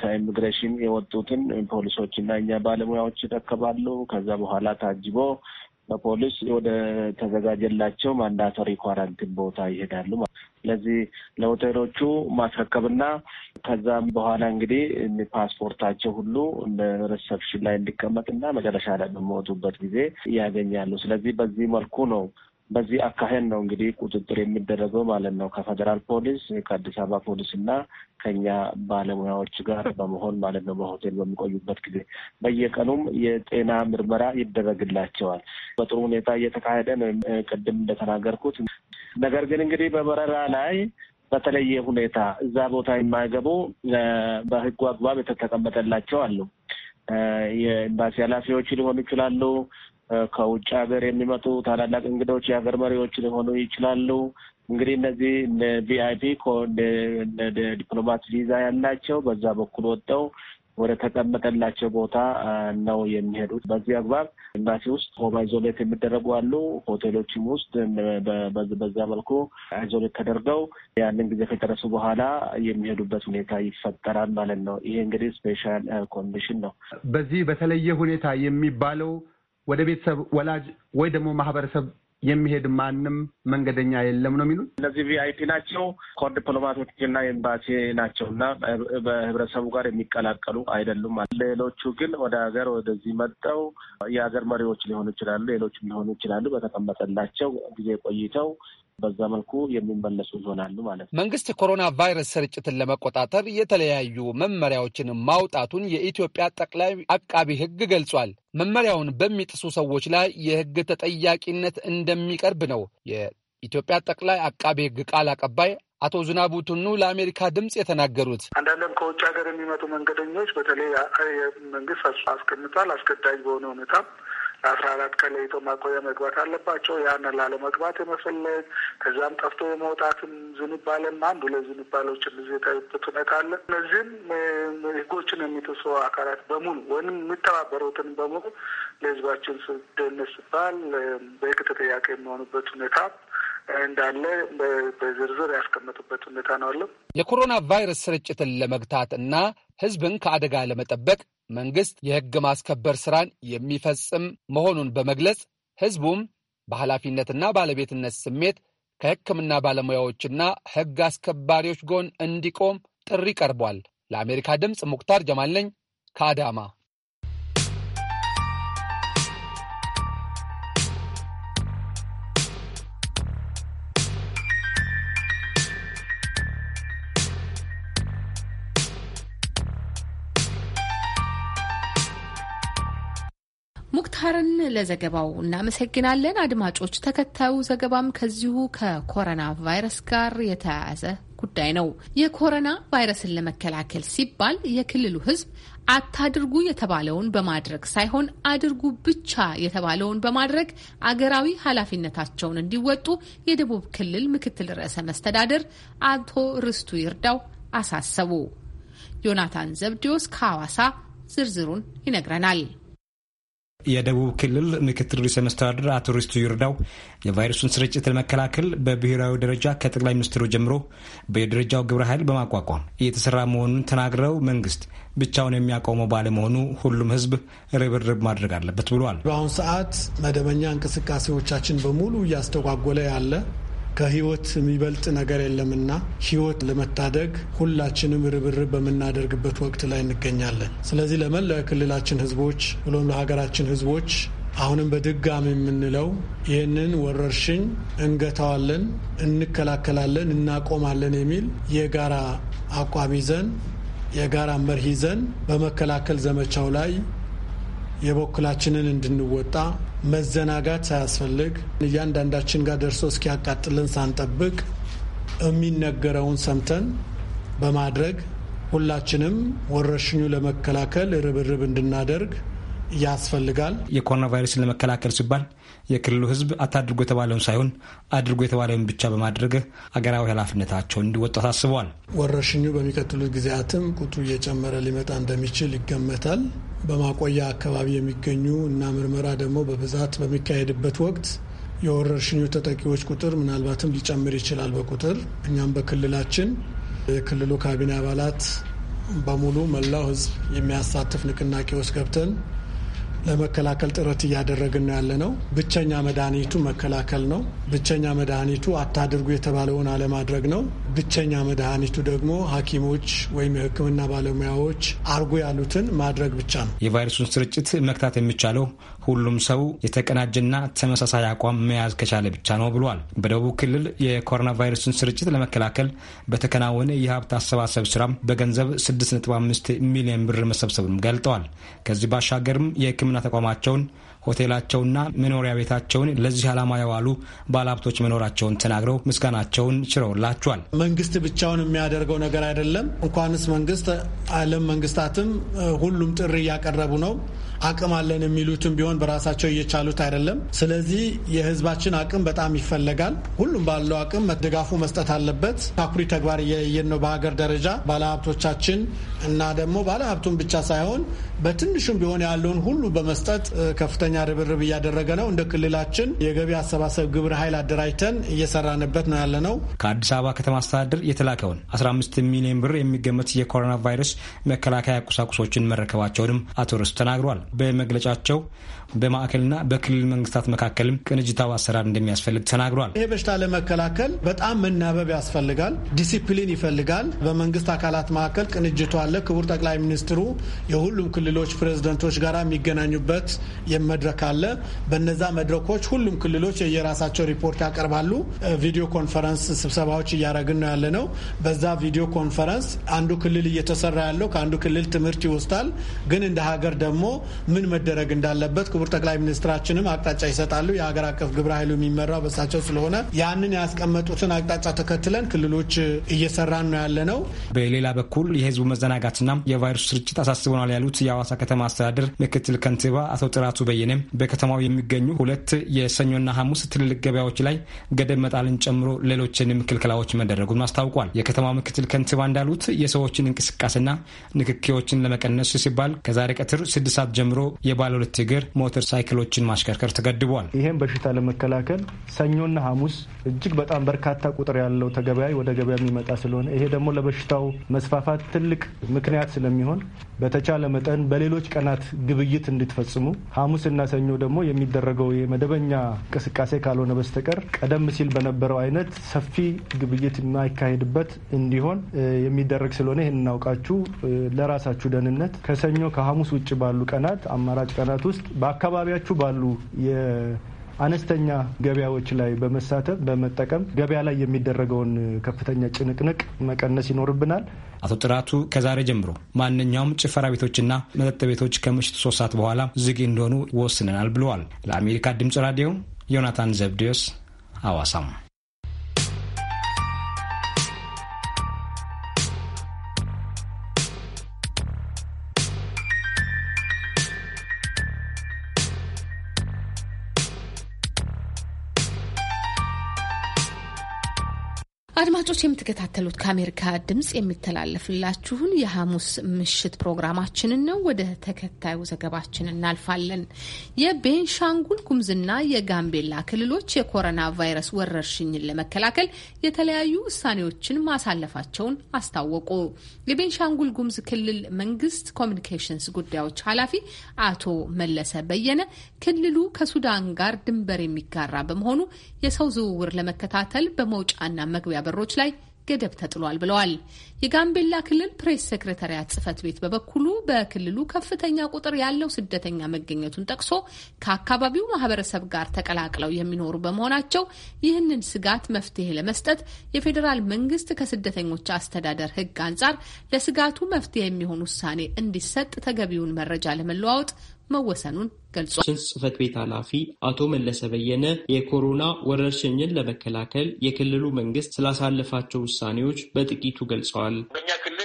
ከኢሚግሬሽን የወጡትን ፖሊሶች እና እኛ ባለሙያዎች ይጠከባሉ። ከዛ በኋላ ታጅቦ በፖሊስ ወደ ተዘጋጀላቸው ማንዳቶሪ ኳራንቲን ቦታ ይሄዳሉ። ስለዚህ ለሆቴሎቹ ማስረከብና ከዛም በኋላ እንግዲህ ፓስፖርታቸው ሁሉ ሪሰፕሽን ላይ እንዲቀመጥና መጨረሻ ላይ በሚወጡበት ጊዜ ያገኛሉ። ስለዚህ በዚህ መልኩ ነው በዚህ አካሄድ ነው እንግዲህ ቁጥጥር የሚደረገው ማለት ነው። ከፌዴራል ፖሊስ ከአዲስ አበባ ፖሊስ እና ከኛ ባለሙያዎች ጋር በመሆን ማለት ነው። በሆቴል በሚቆዩበት ጊዜ በየቀኑም የጤና ምርመራ ይደረግላቸዋል። በጥሩ ሁኔታ እየተካሄደ ነው፣ ቅድም እንደተናገርኩት። ነገር ግን እንግዲህ በበረራ ላይ በተለየ ሁኔታ እዛ ቦታ የማይገቡ በህጉ አግባብ የተቀመጠላቸው አሉ። የኤምባሲ ኃላፊዎች ሊሆኑ ይችላሉ። ከውጭ ሀገር የሚመጡ ታላላቅ እንግዶች የሀገር መሪዎች ሊሆኑ ይችላሉ። እንግዲህ እነዚህ ቪአይፒ ዲፕሎማት ቪዛ ያላቸው በዛ በኩል ወጥተው ወደ ተቀመጠላቸው ቦታ ነው የሚሄዱት። በዚህ አግባብ ኤምባሲ ውስጥ ሆም አይዞሌት የሚደረጉ አሉ። ሆቴሎችም ውስጥ በዛ መልኩ አይዞሌት ተደርገው ያንን ጊዜ ከጨረሱ በኋላ የሚሄዱበት ሁኔታ ይፈጠራል ማለት ነው። ይሄ እንግዲህ ስፔሻል ኮንዲሽን ነው። በዚህ በተለየ ሁኔታ የሚባለው ወደ ቤተሰብ ወላጅ ወይ ደግሞ ማህበረሰብ የሚሄድ ማንም መንገደኛ የለም ነው የሚሉት። እነዚህ ቪአይፒ ናቸው፣ ኮር ዲፕሎማቶችና ኤምባሲ ናቸው እና በህብረተሰቡ ጋር የሚቀላቀሉ አይደሉም። ሌሎቹ ግን ወደ ሀገር ወደዚህ መጠው የሀገር መሪዎች ሊሆኑ ይችላሉ፣ ሌሎችም ሊሆኑ ይችላሉ። በተቀመጠላቸው ጊዜ ቆይተው በዛ መልኩ የሚመለሱ ይሆናሉ ማለት ነው። መንግስት የኮሮና ቫይረስ ስርጭትን ለመቆጣጠር የተለያዩ መመሪያዎችን ማውጣቱን የኢትዮጵያ ጠቅላይ አቃቢ ሕግ ገልጿል። መመሪያውን በሚጥሱ ሰዎች ላይ የሕግ ተጠያቂነት እንደሚቀርብ ነው የኢትዮጵያ ጠቅላይ አቃቢ ሕግ ቃል አቀባይ አቶ ዝናቡ ቱኑ ለአሜሪካ ድምፅ የተናገሩት አንዳንድም ከውጭ ሀገር የሚመጡ መንገደኞች በተለይ መንግስት አስቀምጧል አስገዳጅ በሆነ ሁኔታ ለአስራ አራት ቀን ለይቶ ማቆያ መግባት አለባቸው። ያንን ላለመግባት የመፈለግ ከዛም ጠፍቶ የመውጣትም ዝንባሌም አንዱ ለዝንባሌዎች ጊዜ የታዩበት ሁኔታ አለ። እነዚህም ህጎችን የሚጥሱ አካላት በሙሉ ወይም የሚተባበሩትን በሙሉ ለህዝባችን ስደነት ሲባል በህግ ተጠያቂ የሚሆኑበት ሁኔታ እንዳለ በዝርዝር ያስቀመጡበት ሁኔታ ነው አለ። የኮሮና ቫይረስ ስርጭትን ለመግታት እና ህዝብን ከአደጋ ለመጠበቅ መንግስት የህግ ማስከበር ስራን የሚፈጽም መሆኑን በመግለጽ ህዝቡም በኃላፊነትና ባለቤትነት ስሜት ከህክምና ባለሙያዎችና ህግ አስከባሪዎች ጎን እንዲቆም ጥሪ ቀርቧል። ለአሜሪካ ድምፅ ሙክታር ጀማል ነኝ ከአዳማ ሙክታርን ለዘገባው እናመሰግናለን። አድማጮች፣ ተከታዩ ዘገባም ከዚሁ ከኮሮና ቫይረስ ጋር የተያያዘ ጉዳይ ነው። የኮሮና ቫይረስን ለመከላከል ሲባል የክልሉ ሕዝብ አታድርጉ የተባለውን በማድረግ ሳይሆን አድርጉ ብቻ የተባለውን በማድረግ አገራዊ ኃላፊነታቸውን እንዲወጡ የደቡብ ክልል ምክትል ርዕሰ መስተዳደር አቶ ርስቱ ይርዳው አሳሰቡ። ዮናታን ዘብዲዮስ ከሐዋሳ ዝርዝሩን ይነግረናል። የደቡብ ክልል ምክትል ርዕሰ መስተዳድር አቶ ሪስቱ ይርዳው የቫይረሱን ስርጭት ለመከላከል በብሔራዊ ደረጃ ከጠቅላይ ሚኒስትሩ ጀምሮ በየደረጃው ግብረ ኃይል በማቋቋም እየተሰራ መሆኑን ተናግረው መንግስት ብቻውን የሚያቆመው ባለመሆኑ ሁሉም ህዝብ ርብርብ ማድረግ አለበት ብሏል። በአሁኑ ሰዓት መደበኛ እንቅስቃሴዎቻችን በሙሉ እያስተጓጎለ ያለ ከህይወት የሚበልጥ ነገር የለምና ህይወት ለመታደግ ሁላችንም ርብርብ በምናደርግበት ወቅት ላይ እንገኛለን። ስለዚህ ለመላው የክልላችን ህዝቦች ብሎም ለሀገራችን ህዝቦች አሁንም በድጋሚ የምንለው ይህንን ወረርሽኝ እንገታዋለን፣ እንከላከላለን፣ እናቆማለን የሚል የጋራ አቋም ይዘን የጋራ መርህ ይዘን በመከላከል ዘመቻው ላይ የበኩላችንን እንድንወጣ መዘናጋት ሳያስፈልግ እያንዳንዳችን ጋር ደርሶ እስኪያቃጥልን ሳንጠብቅ የሚነገረውን ሰምተን በማድረግ ሁላችንም ወረርሽኙ ለመከላከል ርብርብ እንድናደርግ ያስፈልጋል። የኮሮና ቫይረስን ለመከላከል ሲባል የክልሉ ሕዝብ አታድርጎ የተባለውን ሳይሆን አድርጎ የተባለውን ብቻ በማድረግ አገራዊ ኃላፊነታቸውን እንዲወጡ አሳስበዋል። ወረርሽኙ በሚቀጥሉት ጊዜያትም ቁጥሩ እየጨመረ ሊመጣ እንደሚችል ይገመታል። በማቆያ አካባቢ የሚገኙ እና ምርመራ ደግሞ በብዛት በሚካሄድበት ወቅት የወረርሽኙ ተጠቂዎች ቁጥር ምናልባትም ሊጨምር ይችላል በቁጥር። እኛም በክልላችን የክልሉ ካቢኔ አባላት በሙሉ መላው ሕዝብ የሚያሳትፍ ንቅናቄ ውስጥ ገብተን ለመከላከል ጥረት እያደረግን ያለ ነው። ብቸኛ መድኃኒቱ መከላከል ነው። ብቸኛ መድኃኒቱ አታድርጉ የተባለውን አለማድረግ ነው። ብቸኛ መድኃኒቱ ደግሞ ሐኪሞች ወይም የሕክምና ባለሙያዎች አርጎ ያሉትን ማድረግ ብቻ ነው። የቫይረሱን ስርጭት መክታት የሚቻለው ሁሉም ሰው የተቀናጀና ተመሳሳይ አቋም መያዝ ከቻለ ብቻ ነው ብሏል። በደቡብ ክልል የኮሮና ቫይረሱን ስርጭት ለመከላከል በተከናወነ የሀብት አሰባሰብ ስራም በገንዘብ 6.5 ሚሊዮን ብር መሰብሰቡንም ገልጠዋል። ከዚህ ባሻገርም የሕክምና ተቋማቸውን ሆቴላቸውና መኖሪያ ቤታቸውን ለዚህ ዓላማ የዋሉ ባለሀብቶች መኖራቸውን ተናግረው ምስጋናቸውን ችረውላቸዋል። መንግስት ብቻውን የሚያደርገው ነገር አይደለም። እንኳንስ መንግስት ዓለም መንግስታትም ሁሉም ጥሪ እያቀረቡ ነው። አቅም አለን የሚሉትም ቢሆን በራሳቸው እየቻሉት አይደለም። ስለዚህ የህዝባችን አቅም በጣም ይፈለጋል። ሁሉም ባለው አቅም ድጋፉ መስጠት አለበት። አኩሪ ተግባር እያየን ነው በሀገር ደረጃ ባለሀብቶቻችን እና ደግሞ ባለሀብቱን ብቻ ሳይሆን በትንሹም ቢሆን ያለውን ሁሉ በመስጠት ከፍተኛ ርብርብ እያደረገ ነው። እንደ ክልላችን የገቢ አሰባሰብ ግብረ ኃይል አደራጅተን እየሰራንበት ነው ያለ ነው። ከአዲስ አበባ ከተማ አስተዳደር የተላከውን 15 ሚሊዮን ብር የሚገመት የኮሮና ቫይረስ መከላከያ ቁሳቁሶችን መረከባቸውንም አቶ ርስ ተናግሯል። በመግለጫቸው በማዕከልና በክልል መንግስታት መካከልም ቅንጅታዊ አሰራር እንደሚያስፈልግ ተናግሯል። ይሄ በሽታ ለመከላከል በጣም መናበብ ያስፈልጋል፣ ዲሲፕሊን ይፈልጋል። በመንግስት አካላት መካከል ቅንጅቱ አለ። ክቡር ጠቅላይ ሚኒስትሩ የሁሉም ክልሎች ፕሬዝደንቶች ጋር የሚገናኙበት መድረክ አለ። በነዛ መድረኮች ሁሉም ክልሎች የየራሳቸው ሪፖርት ያቀርባሉ። ቪዲዮ ኮንፈረንስ ስብሰባዎች እያደረግን ነው ያለ ነው። በዛ ቪዲዮ ኮንፈረንስ አንዱ ክልል እየተሰራ ያለው ከአንዱ ክልል ትምህርት ይወስዳል። ግን እንደ ሀገር ደግሞ ምን መደረግ እንዳለበት ክቡር ጠቅላይ ሚኒስትራችንም አቅጣጫ ይሰጣሉ። የሀገር አቀፍ ግብረ ኃይሉ የሚመራው በሳቸው ስለሆነ ያንን ያስቀመጡትን አቅጣጫ ተከትለን ክልሎች እየሰራን ነው ያለ ነው። በሌላ በኩል የህዝቡ መዘናጋትና የቫይረሱ ስርጭት አሳስበናል ያሉት የአዋሳ ከተማ አስተዳደር ምክትል ከንቲባ አቶ ጥራቱ በየነም በከተማው የሚገኙ ሁለት የሰኞና ሐሙስ ትልልቅ ገበያዎች ላይ ገደብ መጣልን ጨምሮ ሌሎችንም ክልከላዎች መደረጉን አስታውቋል። የከተማው ምክትል ከንቲባ እንዳሉት የሰዎችን እንቅስቃሴና ንክኪዎችን ለመቀነስ ሲባል ከዛሬ ቀትር ስድስት ሰዓት ጀምሮ የባለ ሁለት እግር ሞተር ሳይክሎችን ማሽከርከር ተገድቧል። ይህም በሽታ ለመከላከል ሰኞና ሐሙስ እጅግ በጣም በርካታ ቁጥር ያለው ተገበያይ ወደ ገበያ የሚመጣ ስለሆነ ይሄ ደግሞ ለበሽታው መስፋፋት ትልቅ ምክንያት ስለሚሆን በተቻለ መጠን በሌሎች ቀናት ግብይት እንድትፈጽሙ፣ ሐሙስና ሰኞ ደግሞ የሚደረገው የመደበኛ እንቅስቃሴ ካልሆነ በስተቀር ቀደም ሲል በነበረው አይነት ሰፊ ግብይት የማይካሄድበት እንዲሆን የሚደረግ ስለሆነ ይህን እናውቃችሁ ለራሳችሁ ደህንነት ከሰኞ ከሐሙስ ውጭ ባሉ ቀናት አማራጭ ቀናት ውስጥ በአካባቢያችሁ ባሉ አነስተኛ ገበያዎች ላይ በመሳተፍ በመጠቀም ገበያ ላይ የሚደረገውን ከፍተኛ ጭንቅንቅ መቀነስ ይኖርብናል። አቶ ጥራቱ ከዛሬ ጀምሮ ማንኛውም ጭፈራ ቤቶችና መጠጥ ቤቶች ከምሽቱ ሶስት ሰዓት በኋላ ዝግ እንደሆኑ ወስነናል ብለዋል። ለአሜሪካ ድምጽ ራዲዮ ዮናታን ዘብዴዎስ አዋሳም አድማጮች የምትከታተሉት ከአሜሪካ ድምፅ የሚተላለፍላችሁን የሐሙስ ምሽት ፕሮግራማችንን ነው። ወደ ተከታዩ ዘገባችን እናልፋለን። የቤንሻንጉል ጉምዝና የጋምቤላ ክልሎች የኮሮና ቫይረስ ወረርሽኝን ለመከላከል የተለያዩ ውሳኔዎችን ማሳለፋቸውን አስታወቁ። የቤንሻንጉል ጉሙዝ ክልል መንግስት ኮሚኒኬሽንስ ጉዳዮች ኃላፊ አቶ መለሰ በየነ ክልሉ ከሱዳን ጋር ድንበር የሚጋራ በመሆኑ የሰው ዝውውር ለመከታተል በመውጫና መግቢያ በሮች ላይ ገደብ ተጥሏል ብለዋል። የጋምቤላ ክልል ፕሬስ ሴክሬታሪያት ጽህፈት ቤት በበኩሉ በክልሉ ከፍተኛ ቁጥር ያለው ስደተኛ መገኘቱን ጠቅሶ ከአካባቢው ማህበረሰብ ጋር ተቀላቅለው የሚኖሩ በመሆናቸው ይህንን ስጋት መፍትሄ ለመስጠት የፌዴራል መንግስት ከስደተኞች አስተዳደር ህግ አንጻር ለስጋቱ መፍትሄ የሚሆን ውሳኔ እንዲሰጥ ተገቢውን መረጃ ለመለዋወጥ መወሰኑን ገልጿል። ጽህፈት ቤት ኃላፊ አቶ መለሰ በየነ የኮሮና ወረርሽኝን ለመከላከል የክልሉ መንግስት ስላሳለፋቸው ውሳኔዎች በጥቂቱ ገልጸዋል። በእኛ ክልል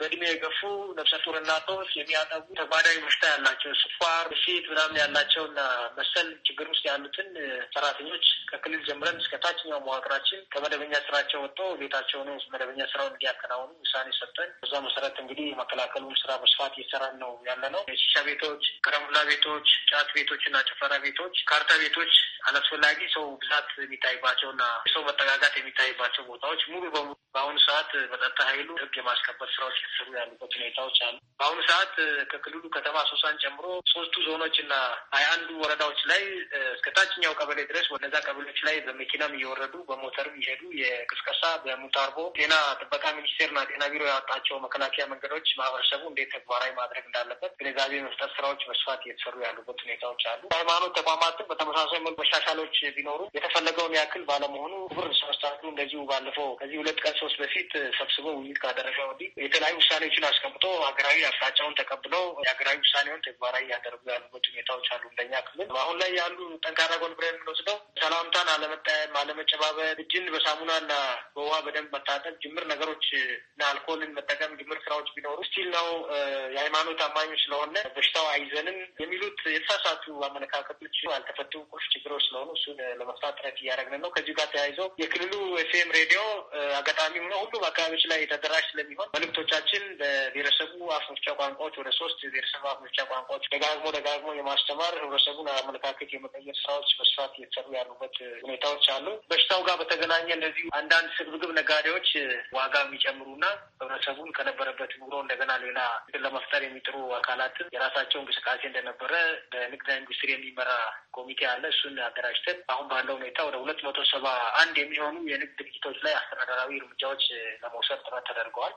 በእድሜ የገፉ ነፍሰ ጡር እናቶች የሚያጠቡ ተጓዳኝ በሽታ ያላቸው ስኳር፣ ግፊት ምናምን ያላቸውና መሰል ችግር ውስጥ ያሉትን ሰራተኞች ከክልል ጀምረን እስከ ታችኛው መዋቅራችን ከመደበኛ ስራቸው ወጥቶ ቤታቸውን መደበኛ ስራውን እንዲያከናውኑ ውሳኔ ሰጠን። በዛ መሰረት እንግዲህ መከላከሉን ስራ በስፋት እየሰራን ነው ያለ ነው። የሺሻ ቤቶች፣ ከረሙላ ቤቶች፣ ጫት ቤቶች እና ጭፈራ ቤቶች፣ ካርታ ቤቶች አላስፈላጊ ሰው ብዛት የሚታይባቸው እና የሰው መጠጋጋት የሚታይባቸው ቦታዎች ሙሉ በሙሉ በአሁኑ ሰዓት በጸጥታ ኃይሉ ህግ የማስከበር ስራዎች እየተሰሩ ያሉበት ሁኔታዎች አሉ። በአሁኑ ሰዓት ከክልሉ ከተማ ሶሳን ጨምሮ ሶስቱ ዞኖች እና ሀያ አንዱ ወረዳዎች ላይ እስከ ታችኛው ቀበሌ ድረስ ወደዛ ቀበሌዎች ላይ በመኪናም እየወረዱ በሞተርም እየሄዱ የቅስቀሳ በሙታርቦ ጤና ጥበቃ ሚኒስቴርና ጤና ቢሮ ያወጣቸው መከላከያ መንገዶች ማህበረሰቡ እንዴት ተግባራዊ ማድረግ እንዳለበት ግንዛቤ መፍጠት ስራዎች በስፋት እየተሰሩ ያሉበት ሁኔታዎች አሉ። ሃይማኖት ተቋማትም በተመሳሳይ መልኩ መሻሻሎች ቢኖሩ የተፈለገውን ያክል ባለመሆኑ ክብር ሰመስታቱ እንደዚሁ ባለፈው ከዚህ ሁለት ቀን ሶስት በፊት ሰብስበው ውይይት ካደረገ ወዲህ የተለያዩ ውሳኔዎችን አስቀምጦ ሀገራዊ አቅጣጫውን ተቀብለው የሀገራዊ ውሳኔውን ተግባራዊ እያደረጉ ያሉበት ሁኔታዎች አሉ። እንደኛ ክልል አሁን ላይ ያሉ ጠንካራ ጎን ብለን የምንወስደው ሰላምታን አለመጣየም፣ አለመጨባበጥ፣ እጅን በሳሙና እና በውሃ በደንብ መታጠብ ጅምር ነገሮች እና አልኮልን መጠቀም ጅምር ስራዎች ቢኖሩ ስቲል ነው የሃይማኖት አማኞች ስለሆነ በሽታው አይዘንም የሚሉት የተሳሳቱ አመለካከቶች አልተፈቱ ቁልፍ ችግሮች ስለሆኑ እሱን ለመፍታት ጥረት እያደረግን ነው። ከዚህ ጋር ተያይዘው የክልሉ ኤፍኤም ሬዲዮ አጋጣሚ ሆነ ሁሉም አካባቢዎች ላይ ተደራሽ ስለሚሆን መልክቶች ትምህርታችን በብሔረሰቡ አፍ መፍቻ ቋንቋዎች ወደ ሶስት ብሔረሰቡ አፍ መፍቻ ቋንቋዎች ደጋግሞ ደጋግሞ የማስተማር ህብረተሰቡን አመለካከት የመቀየር ስራዎች በስፋት እየተሰሩ ያሉበት ሁኔታዎች አሉ። በሽታው ጋር በተገናኘ እንደዚሁ አንዳንድ ስግብግብ ነጋዴዎች ዋጋ የሚጨምሩና ህብረተሰቡን ከነበረበት ኑሮ እንደገና ሌላ ለመፍጠር የሚጥሩ አካላትን የራሳቸው እንቅስቃሴ እንደነበረ በንግድ ኢንዱስትሪ የሚመራ ኮሚቴ አለ። እሱን አደራጅተን አሁን ባለው ሁኔታ ወደ ሁለት መቶ ሰባ አንድ የሚሆኑ የንግድ ድርጅቶች ላይ አስተዳደራዊ እርምጃዎች ለመውሰድ ጥረት ተደርገዋል።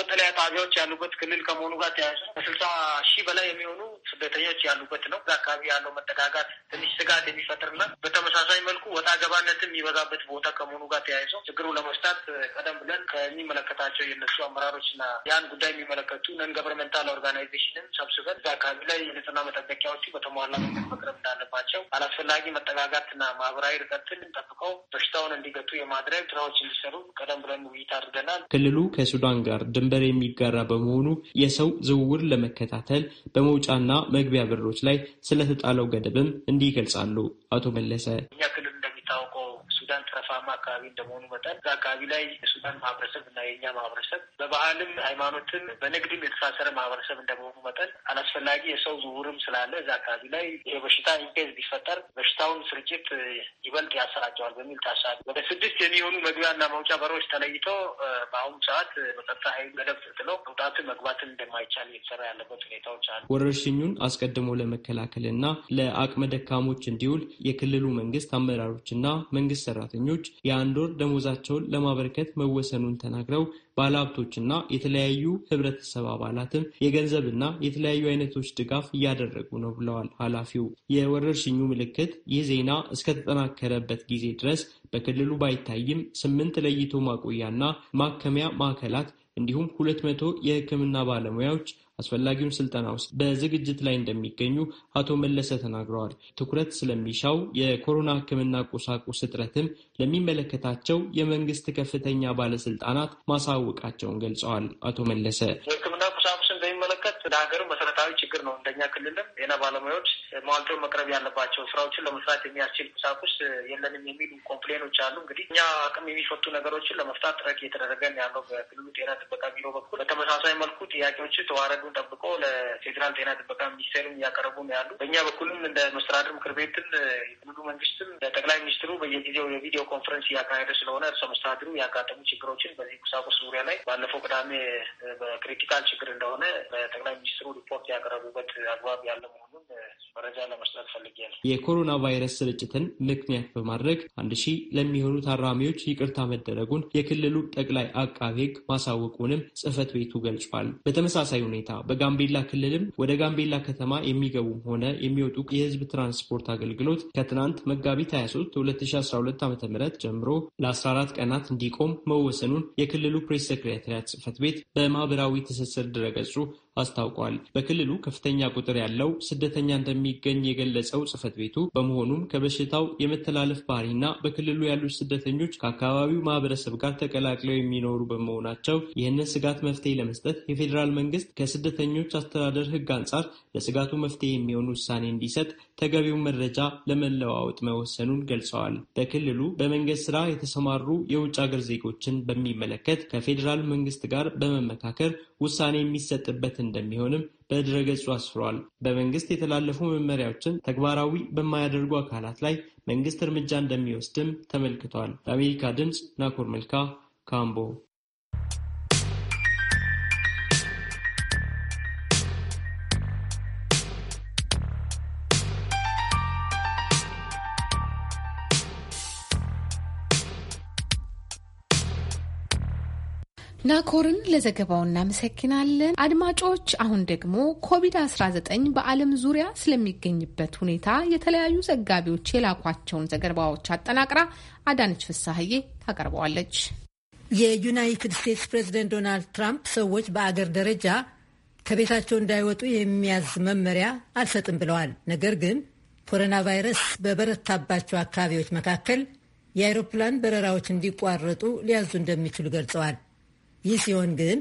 ወደ መጠለያ ጣቢያዎች ያሉበት ክልል ከመሆኑ ጋር ተያይዞ ከስልሳ ሺህ በላይ የሚሆኑ ስደተኞች ያሉበት ነው። በአካባቢ ያለው መጠጋጋት ትንሽ ስጋት የሚፈጥርና በተመሳሳይ መልኩ ወጣ ገባነትም የሚበዛበት ቦታ ከመሆኑ ጋር ተያይዞ ችግሩ ለመፍታት ቀደም ብለን ከሚመለከታቸው የነሱ አመራሮችና ያን ጉዳይ የሚመለከቱ ነን ገቨርንመንታል ኦርጋናይዜሽንን ሰብስበን እዛ አካባቢ ላይ የንጽህና መጠበቂያዎቹ በተሟላ መንገድ መቅረብ እንዳለባቸው፣ አላስፈላጊ መጠጋጋትና ማህበራዊ ርቀትን ጠብቀው በሽታውን እንዲገቱ የማድረግ ስራዎች እንዲሰሩ ቀደም ብለን ውይይት አድርገናል። ክልሉ ከሱዳን ጋር ድንበር የሚጋራ በመሆኑ የሰው ዝውውር ለመከታተል በመውጫና መግቢያ በሮች ላይ ስለተጣለው ገደብም እንዲህ ይገልጻሉ አቶ መለሰ። እኛ ክልል እንደሚታወቀው ሱዳን ጠረፋማ አካባቢ እንደመሆኑ መጠን እዛ አካባቢ ላይ የሱዳን ማህበረሰብ እና የእኛ ማህበረሰብ በባህልም ሃይማኖትም በንግድም የተሳሰረ ማህበረሰብ እንደመሆኑ መጠን አላስፈላጊ የሰው ዝውውርም ስላለ እዛ አካባቢ ላይ ይሄ በሽታ ኢንኬዝ ቢፈጠር በሽታውን ስርጭት ይበልጥ ያሰራጨዋል በሚል ታሳቢ ወደ ስድስት የሚሆኑ መግቢያና መውጫ በሮች ተለይቶ በአሁኑ ሰዓት በጸጥታ ኃይል ገደብ ተጥሎ መውጣትን መግባትን እንደማይቻል እየተሰራ ያለበት ሁኔታዎች አሉ። ወረርሽኙን አስቀድሞ ለመከላከልና ለአቅመ ደካሞች እንዲውል የክልሉ መንግስት አመራሮችና መንግስት ሰራ ሰራተኞች የአንድ ወር ደሞዛቸውን ለማበረከት መወሰኑን ተናግረው ባለሀብቶችና የተለያዩ ህብረተሰብ አባላትም የገንዘብና የተለያዩ አይነቶች ድጋፍ እያደረጉ ነው ብለዋል ኃላፊው። የወረርሽኙ ምልክት ይህ ዜና እስከተጠናከረበት ጊዜ ድረስ በክልሉ ባይታይም ስምንት ለይቶ ማቆያና ማከሚያ ማዕከላት እንዲሁም ሁለት መቶ ባለሙያዎች አስፈላጊውን ስልጠና ውስጥ በዝግጅት ላይ እንደሚገኙ አቶ መለሰ ተናግረዋል። ትኩረት ስለሚሻው የኮሮና ሕክምና ቁሳቁስ እጥረትም ለሚመለከታቸው የመንግስት ከፍተኛ ባለስልጣናት ማሳወቃቸውን ገልጸዋል። አቶ መለሰ የሕክምና ቁሳቁስ በሚመለከት ለሀገር መሰረታዊ ችግር ነው። እንደኛ ክልልም ጤና ባለሙያዎች መዋልቶ መቅረብ ያለባቸው ስራዎችን ለመስራት የሚያስችል ቁሳቁስ የለንም የሚሉ ኮምፕሌኖች አሉ። እንግዲህ እኛ አቅም የሚፈቱ ነገሮችን ለመፍታት ጥረት እየተደረገ ያለው በክልሉ ጤና ጥበቃ ቢሮ በኩል። በተመሳሳይ መልኩ ጥያቄዎች ተዋረዱን ጠብቆ ለፌዴራል ጤና ጥበቃ ሚኒስቴርም እያቀረቡ ነው ያሉ። በእኛ በኩልም እንደ መስተዳድር ምክር ቤትን የክልሉ መንግስትም ለጠቅላይ ሚኒስትሩ በየጊዜው የቪዲዮ ኮንፈረንስ እያካሄደ ስለሆነ እርሰ መስተዳድሩ ያጋጠሙ ችግሮችን በዚህ ቁሳቁስ ዙሪያ ላይ ባለፈው ቅዳሜ በክሪቲካል ችግር እንደሆነ ለጠቅላይ ሚኒስትሩ ሪፖርት ያቀረቡበት አግባብ ያለ መሆኑን መረጃ ለመስጠት ፈልጌ ነው። የኮሮና ቫይረስ ስርጭትን ምክንያት በማድረግ አንድ ሺህ ለሚሆኑ ታራሚዎች ይቅርታ መደረጉን የክልሉ ጠቅላይ አቃቤ ሕግ ማሳወቁንም ጽህፈት ቤቱ ገልጿል። በተመሳሳይ ሁኔታ በጋምቤላ ክልልም ወደ ጋምቤላ ከተማ የሚገቡም ሆነ የሚወጡ የህዝብ ትራንስፖርት አገልግሎት ከትናንት መጋቢት 23 2012 ዓ ም ጀምሮ ለ14 ቀናት እንዲቆም መወሰኑን የክልሉ ፕሬስ ሴክሬታሪያት ጽህፈት ቤት በማህበራዊ ትስስር ድረገጹ ministro አስታውቋል። በክልሉ ከፍተኛ ቁጥር ያለው ስደተኛ እንደሚገኝ የገለጸው ጽህፈት ቤቱ በመሆኑም ከበሽታው የመተላለፍ ባህሪና በክልሉ ያሉ ስደተኞች ከአካባቢው ማህበረሰብ ጋር ተቀላቅለው የሚኖሩ በመሆናቸው ይህንን ስጋት መፍትሄ ለመስጠት የፌዴራል መንግስት ከስደተኞች አስተዳደር ህግ አንጻር ለስጋቱ መፍትሄ የሚሆን ውሳኔ እንዲሰጥ ተገቢውን መረጃ ለመለዋወጥ መወሰኑን ገልጸዋል። በክልሉ በመንገድ ስራ የተሰማሩ የውጭ ሀገር ዜጎችን በሚመለከት ከፌዴራል መንግስት ጋር በመመካከር ውሳኔ የሚሰጥበትን እንደሚሆንም በድረገጹ አስፍሯል። በመንግስት የተላለፉ መመሪያዎችን ተግባራዊ በማያደርጉ አካላት ላይ መንግስት እርምጃ እንደሚወስድም ተመልክቷል። ለአሜሪካ ድምፅ ናኮር መልካ ካምቦ ናኮርን ለዘገባው እናመሰግናለን። አድማጮች፣ አሁን ደግሞ ኮቪድ-19 በዓለም ዙሪያ ስለሚገኝበት ሁኔታ የተለያዩ ዘጋቢዎች የላኳቸውን ዘገባዎች አጠናቅራ አዳነች ፍሳሐዬ ታቀርበዋለች። የዩናይትድ ስቴትስ ፕሬዚደንት ዶናልድ ትራምፕ ሰዎች በአገር ደረጃ ከቤታቸው እንዳይወጡ የሚያዝ መመሪያ አልሰጥም ብለዋል። ነገር ግን ኮሮና ቫይረስ በበረታባቸው አካባቢዎች መካከል የአይሮፕላን በረራዎች እንዲቋረጡ ሊያዙ እንደሚችሉ ገልጸዋል። ይህ ሲሆን ግን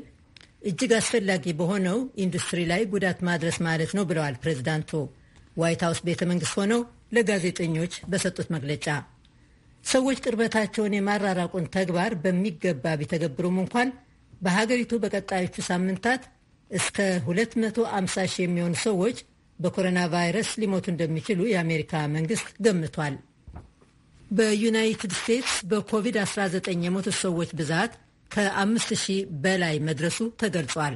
እጅግ አስፈላጊ በሆነው ኢንዱስትሪ ላይ ጉዳት ማድረስ ማለት ነው ብለዋል ፕሬዚዳንቱ ዋይት ሀውስ ቤተ መንግስት ሆነው ለጋዜጠኞች በሰጡት መግለጫ። ሰዎች ቅርበታቸውን የማራራቁን ተግባር በሚገባ ቢተገብሩም እንኳን በሀገሪቱ በቀጣዮቹ ሳምንታት እስከ 250 ሺህ የሚሆኑ ሰዎች በኮሮና ቫይረስ ሊሞቱ እንደሚችሉ የአሜሪካ መንግስት ገምቷል። በዩናይትድ ስቴትስ በኮቪድ-19 የሞቱት ሰዎች ብዛት ከአምስት ሺህ በላይ መድረሱ ተገልጿል።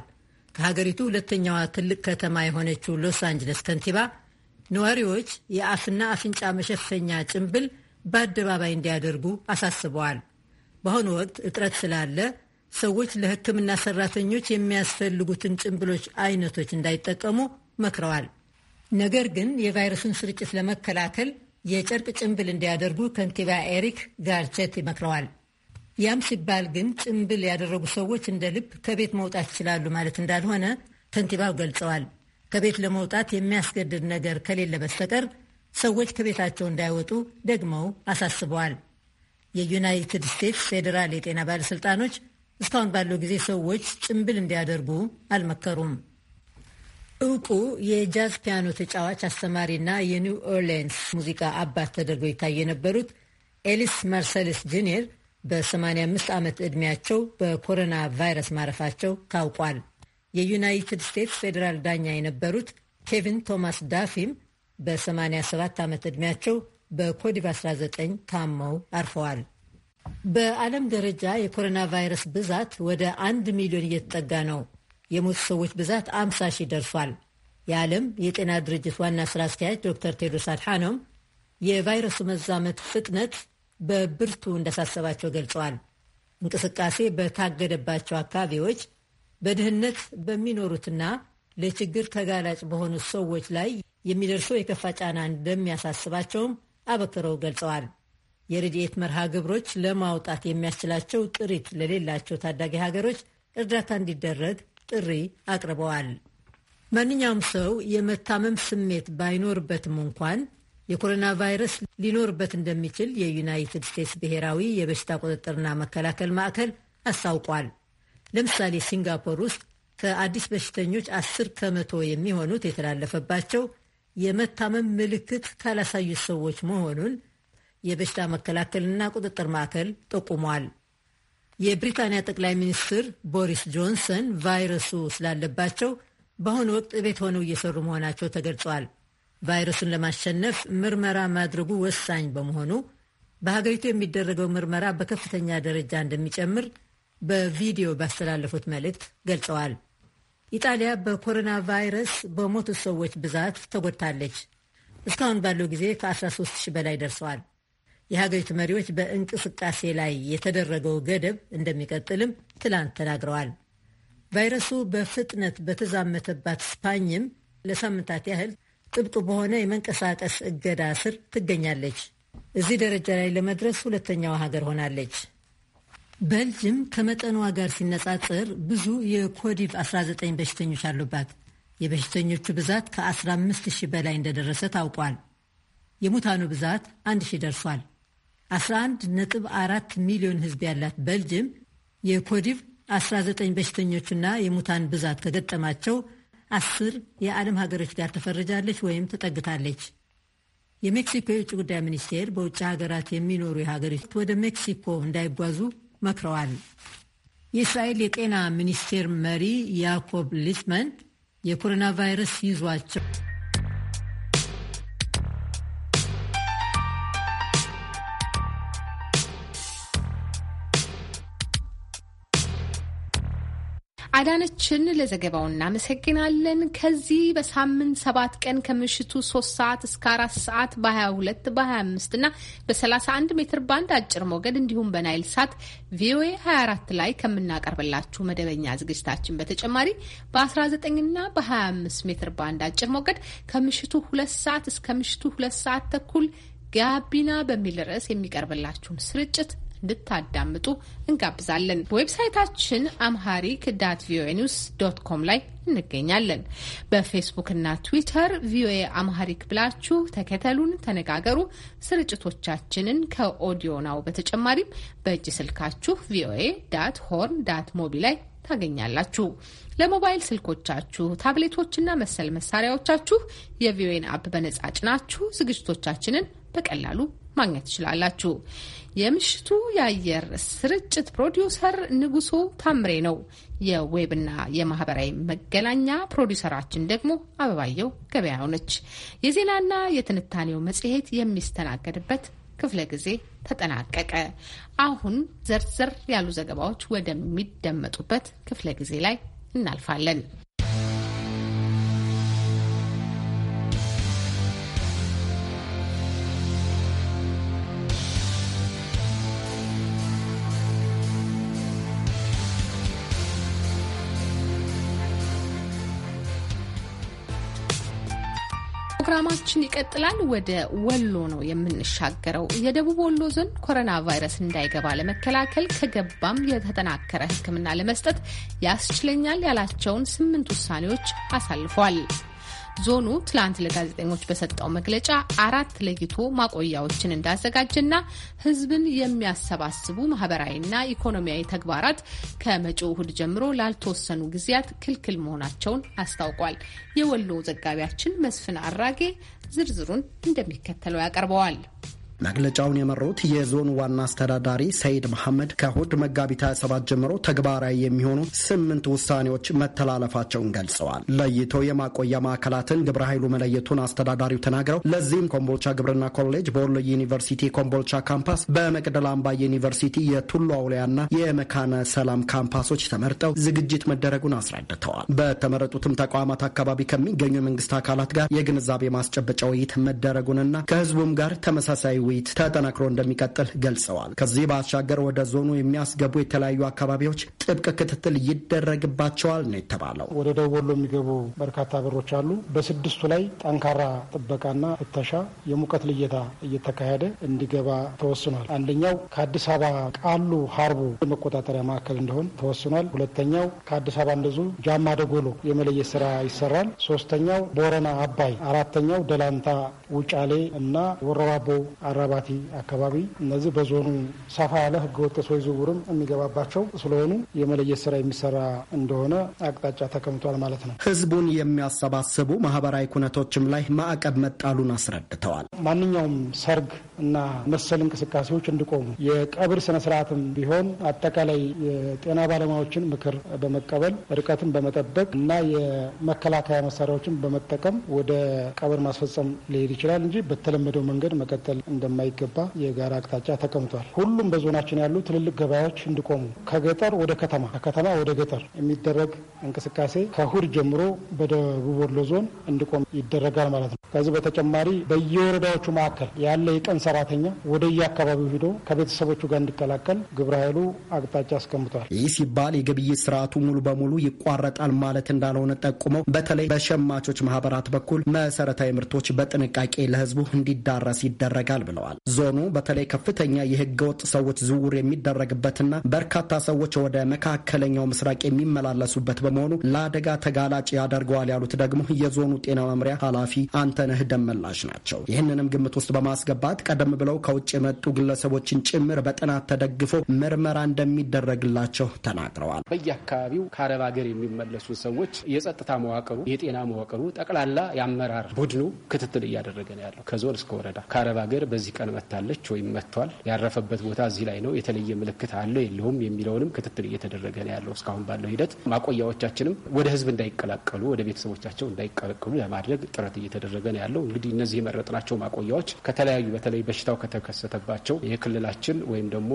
ከሀገሪቱ ሁለተኛዋ ትልቅ ከተማ የሆነችው ሎስ አንጅለስ ከንቲባ ነዋሪዎች የአፍና አፍንጫ መሸፈኛ ጭንብል በአደባባይ እንዲያደርጉ አሳስበዋል። በአሁኑ ወቅት እጥረት ስላለ ሰዎች ለሕክምና ሰራተኞች የሚያስፈልጉትን ጭንብሎች አይነቶች እንዳይጠቀሙ መክረዋል። ነገር ግን የቫይረሱን ስርጭት ለመከላከል የጨርቅ ጭንብል እንዲያደርጉ ከንቲባ ኤሪክ ጋርቼት ይመክረዋል። ያም ሲባል ግን ጭምብል ያደረጉ ሰዎች እንደ ልብ ከቤት መውጣት ይችላሉ ማለት እንዳልሆነ ከንቲባው ገልጸዋል። ከቤት ለመውጣት የሚያስገድድ ነገር ከሌለ በስተቀር ሰዎች ከቤታቸው እንዳይወጡ ደግመው አሳስበዋል። የዩናይትድ ስቴትስ ፌዴራል የጤና ባለሥልጣኖች እስካሁን ባለው ጊዜ ሰዎች ጭምብል እንዲያደርጉ አልመከሩም። እውቁ የጃዝ ፒያኖ ተጫዋች አስተማሪና የኒው ኦርሊንስ ሙዚቃ አባት ተደርገው ይታይ የነበሩት ኤሊስ ማርሰልስ ጁኒየር በ85 ዓመት ዕድሜያቸው በኮሮና ቫይረስ ማረፋቸው ታውቋል። የዩናይትድ ስቴትስ ፌዴራል ዳኛ የነበሩት ኬቪን ቶማስ ዳፊም በ87 ዓመት ዕድሜያቸው በኮዲቭ 19 ታመው አርፈዋል። በዓለም ደረጃ የኮሮና ቫይረስ ብዛት ወደ አንድ ሚሊዮን እየተጠጋ ነው። የሞቱ ሰዎች ብዛት 50 ሺህ ደርሷል። የዓለም የጤና ድርጅት ዋና ስራ አስኪያጅ ዶክተር ቴድሮስ አድሓኖም የቫይረሱ መዛመት ፍጥነት በብርቱ እንዳሳሰባቸው ገልጸዋል። እንቅስቃሴ በታገደባቸው አካባቢዎች በድህነት በሚኖሩትና ለችግር ተጋላጭ በሆኑት ሰዎች ላይ የሚደርሰው የከፋ ጫና እንደሚያሳስባቸውም አበክረው ገልጸዋል። የረድኤት መርሃ ግብሮች ለማውጣት የሚያስችላቸው ጥሪት ለሌላቸው ታዳጊ ሀገሮች እርዳታ እንዲደረግ ጥሪ አቅርበዋል። ማንኛውም ሰው የመታመም ስሜት ባይኖርበትም እንኳን የኮሮና ቫይረስ ሊኖርበት እንደሚችል የዩናይትድ ስቴትስ ብሔራዊ የበሽታ ቁጥጥርና መከላከል ማዕከል አስታውቋል። ለምሳሌ ሲንጋፖር ውስጥ ከአዲስ በሽተኞች አስር ከመቶ የሚሆኑት የተላለፈባቸው የመታመም ምልክት ካላሳዩት ሰዎች መሆኑን የበሽታ መከላከልና ቁጥጥር ማዕከል ጠቁሟል። የብሪታንያ ጠቅላይ ሚኒስትር ቦሪስ ጆንሰን ቫይረሱ ስላለባቸው በአሁኑ ወቅት እቤት ሆነው እየሰሩ መሆናቸው ተገልጿል። ቫይረሱን ለማሸነፍ ምርመራ ማድረጉ ወሳኝ በመሆኑ በሀገሪቱ የሚደረገው ምርመራ በከፍተኛ ደረጃ እንደሚጨምር በቪዲዮ ባስተላለፉት መልእክት ገልጸዋል። ኢጣሊያ በኮሮና ቫይረስ በሞቱ ሰዎች ብዛት ተጎድታለች። እስካሁን ባለው ጊዜ ከ13 ሺህ በላይ ደርሰዋል። የሀገሪቱ መሪዎች በእንቅስቃሴ ላይ የተደረገው ገደብ እንደሚቀጥልም ትላንት ተናግረዋል። ቫይረሱ በፍጥነት በተዛመተባት ስፓኝም ለሳምንታት ያህል ጥብቅ በሆነ የመንቀሳቀስ እገዳ ስር ትገኛለች። እዚህ ደረጃ ላይ ለመድረስ ሁለተኛዋ ሀገር ሆናለች። በልጅም ከመጠኗ ጋር ሲነጻጸር ብዙ የኮዲቭ 19 በሽተኞች አሉባት። የበሽተኞቹ ብዛት ከ15000 በላይ እንደደረሰ ታውቋል። የሙታኑ ብዛት 1000 ደርሷል። 11.4 ሚሊዮን ህዝብ ያላት በልጅም የኮዲቭ 19 በሽተኞችና የሙታን ብዛት ከገጠማቸው አስር የዓለም ሀገሮች ጋር ተፈርጃለች ወይም ተጠግታለች። የሜክሲኮ የውጭ ጉዳይ ሚኒስቴር በውጭ ሀገራት የሚኖሩ የሀገሪቱ ወደ ሜክሲኮ እንዳይጓዙ መክረዋል። የእስራኤል የጤና ሚኒስቴር መሪ ያኮብ ሊስመን የኮሮና ቫይረስ ይዟቸው አዳነችን ለዘገባው እናመሰግናለን። ከዚህ በሳምንት ሰባት ቀን ከምሽቱ ሶስት ሰዓት እስከ አራት ሰዓት በ22 በ25 እና በ31 ሜትር ባንድ አጭር ሞገድ እንዲሁም በናይል ሳት ቪኦኤ 24 ላይ ከምናቀርብላችሁ መደበኛ ዝግጅታችን በተጨማሪ በ19 እና በ25 ሜትር ባንድ አጭር ሞገድ ከምሽቱ ሁለት ሰዓት እስከ ምሽቱ ሁለት ሰዓት ተኩል ጋቢና በሚል ርዕስ የሚቀርብላችሁን ስርጭት እንድታዳምጡ እንጋብዛለን። ዌብሳይታችን አምሃሪክ ዳት ቪኦኤ ኒውስ ዶት ኮም ላይ እንገኛለን። በፌስቡክ ትዊተር ቪኦኤ አምሃሪክ ብላችሁ ተከተሉን፣ ተነጋገሩ። ስርጭቶቻችንን ከኦዲዮ ናው በተጨማሪም በእጅ ስልካችሁ ቪኦኤ ዳት ሆርን ዳት ሞቢ ላይ ታገኛላችሁ። ለሞባይል ስልኮቻችሁ ታብሌቶችና መሰል መሳሪያዎቻችሁ የቪኦኤን አፕ በነጻ ጭናችሁ ዝግጅቶቻችንን በቀላሉ ማግኘት ትችላላችሁ። የምሽቱ የአየር ስርጭት ፕሮዲውሰር ንጉሱ ታምሬ ነው። የዌብና የማህበራዊ መገናኛ ፕሮዲውሰራችን ደግሞ አበባየው ገበያው ነች። የዜናና የትንታኔው መጽሔት የሚስተናገድበት ክፍለ ጊዜ ተጠናቀቀ። አሁን ዘርዘር ያሉ ዘገባዎች ወደሚደመጡበት ክፍለ ጊዜ ላይ እናልፋለን። ፕሮግራማችን ይቀጥላል። ወደ ወሎ ነው የምንሻገረው። የደቡብ ወሎ ዞን ኮሮና ቫይረስ እንዳይገባ ለመከላከል ከገባም የተጠናከረ ሕክምና ለመስጠት ያስችለኛል ያላቸውን ስምንት ውሳኔዎች አሳልፏል። ዞኑ ትላንት ለጋዜጠኞች በሰጠው መግለጫ አራት ለይቶ ማቆያዎችን እንዳዘጋጀና ሕዝብን የሚያሰባስቡ ማህበራዊና ኢኮኖሚያዊ ተግባራት ከመጪው እሁድ ጀምሮ ላልተወሰኑ ጊዜያት ክልክል መሆናቸውን አስታውቋል። የወሎ ዘጋቢያችን መስፍን አራጌ ዝርዝሩን እንደሚከተለው ያቀርበዋል። መግለጫውን የመሩት የዞኑ ዋና አስተዳዳሪ ሰይድ መሐመድ ከእሁድ መጋቢት 27 ጀምሮ ተግባራዊ የሚሆኑ ስምንት ውሳኔዎች መተላለፋቸውን ገልጸዋል። ለይቶ የማቆያ ማዕከላትን ግብረ ኃይሉ መለየቱን አስተዳዳሪው ተናግረው ለዚህም ኮምቦልቻ ግብርና ኮሌጅ በወሎ ዩኒቨርሲቲ ኮምቦልቻ ካምፓስ፣ በመቅደል አምባ ዩኒቨርሲቲ የቱሉ አውሊያና የመካነ ሰላም ካምፓሶች ተመርጠው ዝግጅት መደረጉን አስረድተዋል። በተመረጡትም ተቋማት አካባቢ ከሚገኙ የመንግስት አካላት ጋር የግንዛቤ ማስጨበጫ ውይይት መደረጉንና ከህዝቡም ጋር ተመሳሳይ ውይይት ተጠናክሮ እንደሚቀጥል ገልጸዋል። ከዚህ ባሻገር ወደ ዞኑ የሚያስገቡ የተለያዩ አካባቢዎች ጥብቅ ክትትል ይደረግባቸዋል ነው የተባለው። ወደ ደቡብ ወሎ የሚገቡ በርካታ በሮች አሉ። በስድስቱ ላይ ጠንካራ ጥበቃና ፍተሻ፣ የሙቀት ልየታ እየተካሄደ እንዲገባ ተወስኗል። አንደኛው ከአዲስ አበባ ቃሉ ሀርቡ የመቆጣጠሪያ ማዕከል እንደሆን ተወስኗል። ሁለተኛው ከአዲስ አበባ እንደዙ ጃማ ደጎሎ የመለየት ስራ ይሰራል። ሶስተኛው ቦረና አባይ፣ አራተኛው ደላንታ ውጫሌ እና ወረባቦ አራባቲ አካባቢ እነዚህ በዞኑ ሰፋ ያለ ህገወጥ ሰዎች ዝውውርም የሚገባባቸው ስለሆኑ የመለየት ስራ የሚሰራ እንደሆነ አቅጣጫ ተቀምጧል ማለት ነው። ህዝቡን የሚያሰባስቡ ማህበራዊ ኩነቶችም ላይ ማዕቀብ መጣሉን አስረድተዋል። ማንኛውም ሰርግ እና መሰል እንቅስቃሴዎች እንዲቆሙ፣ የቀብር ስነስርዓትም ቢሆን አጠቃላይ የጤና ባለሙያዎችን ምክር በመቀበል ርቀትን በመጠበቅ እና የመከላከያ መሳሪያዎችን በመጠቀም ወደ ቀብር ማስፈጸም ሊሄድ ይችላል እንጂ በተለመደው መንገድ መቀጠል እንደ እንደማይገባ የጋራ አቅጣጫ ተቀምጧል። ሁሉም በዞናችን ያሉ ትልልቅ ገበያዎች እንዲቆሙ ከገጠር ወደ ከተማ ከከተማ ወደ ገጠር የሚደረግ እንቅስቃሴ ከእሁድ ጀምሮ በደቡብ ወሎ ዞን እንዲቆም ይደረጋል ማለት ነው። ከዚህ በተጨማሪ በየወረዳዎቹ መካከል ያለ የቀን ሰራተኛ ወደየ አካባቢው ሂዶ ከቤተሰቦቹ ጋር እንዲቀላቀል ግብረ ኃይሉ አቅጣጫ አስቀምጧል። ይህ ሲባል የግብይት ስርዓቱ ሙሉ በሙሉ ይቋረጣል ማለት እንዳልሆነ ጠቁመው በተለይ በሸማቾች ማህበራት በኩል መሰረታዊ ምርቶች በጥንቃቄ ለህዝቡ እንዲዳረስ ይደረጋል ብለ ብለዋል። ዞኑ በተለይ ከፍተኛ የህገወጥ ሰዎች ዝውውር የሚደረግበትና በርካታ ሰዎች ወደ መካከለኛው ምስራቅ የሚመላለሱበት በመሆኑ ለአደጋ ተጋላጭ ያደርገዋል ያሉት ደግሞ የዞኑ ጤና መምሪያ ኃላፊ አንተነህ ደመላሽ ናቸው። ይህንንም ግምት ውስጥ በማስገባት ቀደም ብለው ከውጭ የመጡ ግለሰቦችን ጭምር በጥናት ተደግፎ ምርመራ እንደሚደረግላቸው ተናግረዋል። በየአካባቢው ከአረብ ሀገር የሚመለሱ ሰዎች የጸጥታ መዋቅሩ፣ የጤና መዋቅሩ፣ ጠቅላላ የአመራር ቡድኑ ክትትል እያደረገ ነው ያለው ከዞን እስከ ወረዳ ከአረብ ሀገር በዚህ ቀን መታለች ወይም መጥቷል፣ ያረፈበት ቦታ እዚህ ላይ ነው፣ የተለየ ምልክት አለው የለውም የሚለውንም ክትትል እየተደረገ ነው ያለው። እስካሁን ባለው ሂደት ማቆያዎቻችንም ወደ ህዝብ እንዳይቀላቀሉ፣ ወደ ቤተሰቦቻቸው እንዳይቀላቀሉ ለማድረግ ጥረት እየተደረገ ነው ያለው። እንግዲህ እነዚህ የመረጥናቸው ማቆያዎች ከተለያዩ በተለይ በሽታው ከተከሰተባቸው የክልላችን ወይም ደግሞ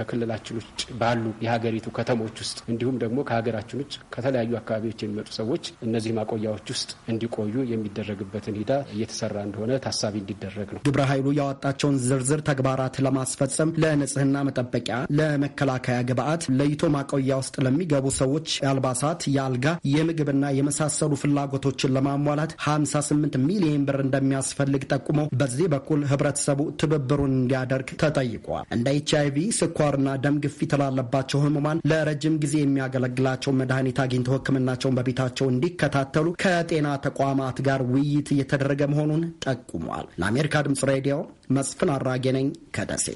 ከክልላችን ውጭ ባሉ የሀገሪቱ ከተሞች ውስጥ እንዲሁም ደግሞ ከሀገራችን ውጭ ከተለያዩ አካባቢዎች የሚመጡ ሰዎች እነዚህ ማቆያዎች ውስጥ እንዲቆዩ የሚደረግበትን ሂዳ እየተሰራ እንደሆነ ታሳቢ እንዲደረግ ነው ግብረ ኃይሉ ያወጣ ያቀረባቸውን ዝርዝር ተግባራት ለማስፈጸም ለንጽህና መጠበቂያ፣ ለመከላከያ ግብዓት፣ ለይቶ ማቆያ ውስጥ ለሚገቡ ሰዎች የአልባሳት፣ የአልጋ፣ የምግብና የመሳሰሉ ፍላጎቶችን ለማሟላት 58 ሚሊዮን ብር እንደሚያስፈልግ ጠቁሞ። በዚህ በኩል ህብረተሰቡ ትብብሩን እንዲያደርግ ተጠይቋል። እንደ ኤች ስኳርና ደም ግፊት ላለባቸው ህሙማን ለረጅም ጊዜ የሚያገለግላቸው መድኃኒት አግኝተው ህክምናቸውን በቤታቸው እንዲከታተሉ ከጤና ተቋማት ጋር ውይይት እየተደረገ መሆኑን ጠቁሟል። ለአሜሪካ ድምጽ ሬዲዮ መስፍን አራጌ ነኝ ከደሴ።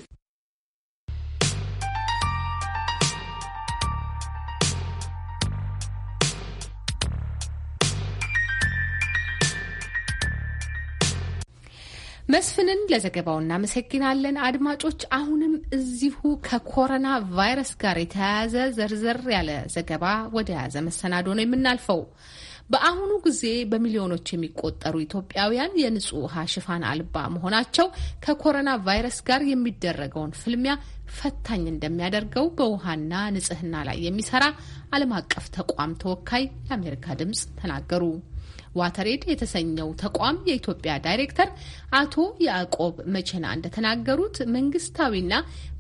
መስፍንን ለዘገባው እናመሰግናለን። አድማጮች፣ አሁንም እዚሁ ከኮሮና ቫይረስ ጋር የተያያዘ ዘርዘር ያለ ዘገባ ወደ ያዘ መሰናዶ ነው የምናልፈው። በአሁኑ ጊዜ በሚሊዮኖች የሚቆጠሩ ኢትዮጵያውያን የንጹህ ውሃ ሽፋን አልባ መሆናቸው ከኮሮና ቫይረስ ጋር የሚደረገውን ፍልሚያ ፈታኝ እንደሚያደርገው በውሃና ንጽህና ላይ የሚሰራ ዓለም አቀፍ ተቋም ተወካይ ለአሜሪካ ድምጽ ተናገሩ። ዋተሬድ የተሰኘው ተቋም የኢትዮጵያ ዳይሬክተር አቶ ያዕቆብ መቼና እንደተናገሩት መንግስታዊና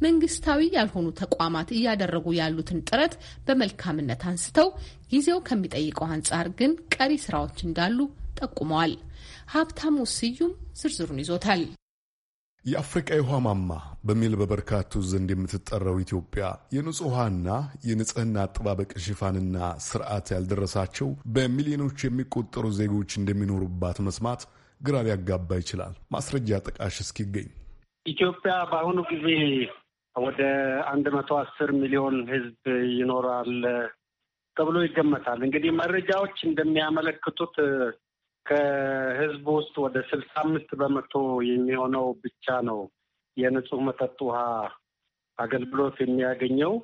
መንግስታዊ ያልሆኑ ተቋማት እያደረጉ ያሉትን ጥረት በመልካምነት አንስተው ጊዜው ከሚጠይቀው አንጻር ግን ቀሪ ስራዎች እንዳሉ ጠቁመዋል። ሀብታሙ ስዩም ዝርዝሩን ይዞታል። የአፍሪቃ የውሃ ማማ በሚል በበርካቱ ዘንድ የምትጠራው ኢትዮጵያ የንጹህ ውሃና የንጽህና አጠባበቅ ሽፋንና ስርዓት ያልደረሳቸው በሚሊዮኖች የሚቆጠሩ ዜጎች እንደሚኖሩባት መስማት ግራ ሊያጋባ ይችላል። ማስረጃ ጠቃሽ እስኪገኝ ኢትዮጵያ በአሁኑ ጊዜ ወደ አንድ መቶ አስር ሚሊዮን ህዝብ ይኖራል ተብሎ ይገመታል። እንግዲህ መረጃዎች እንደሚያመለክቱት ከህዝብ ውስጥ ወደ ስልሳ አምስት በመቶ የሚሆነው ብቻ ነው የንጹህ መጠጥ ውሃ አገልግሎት የሚያገኘው።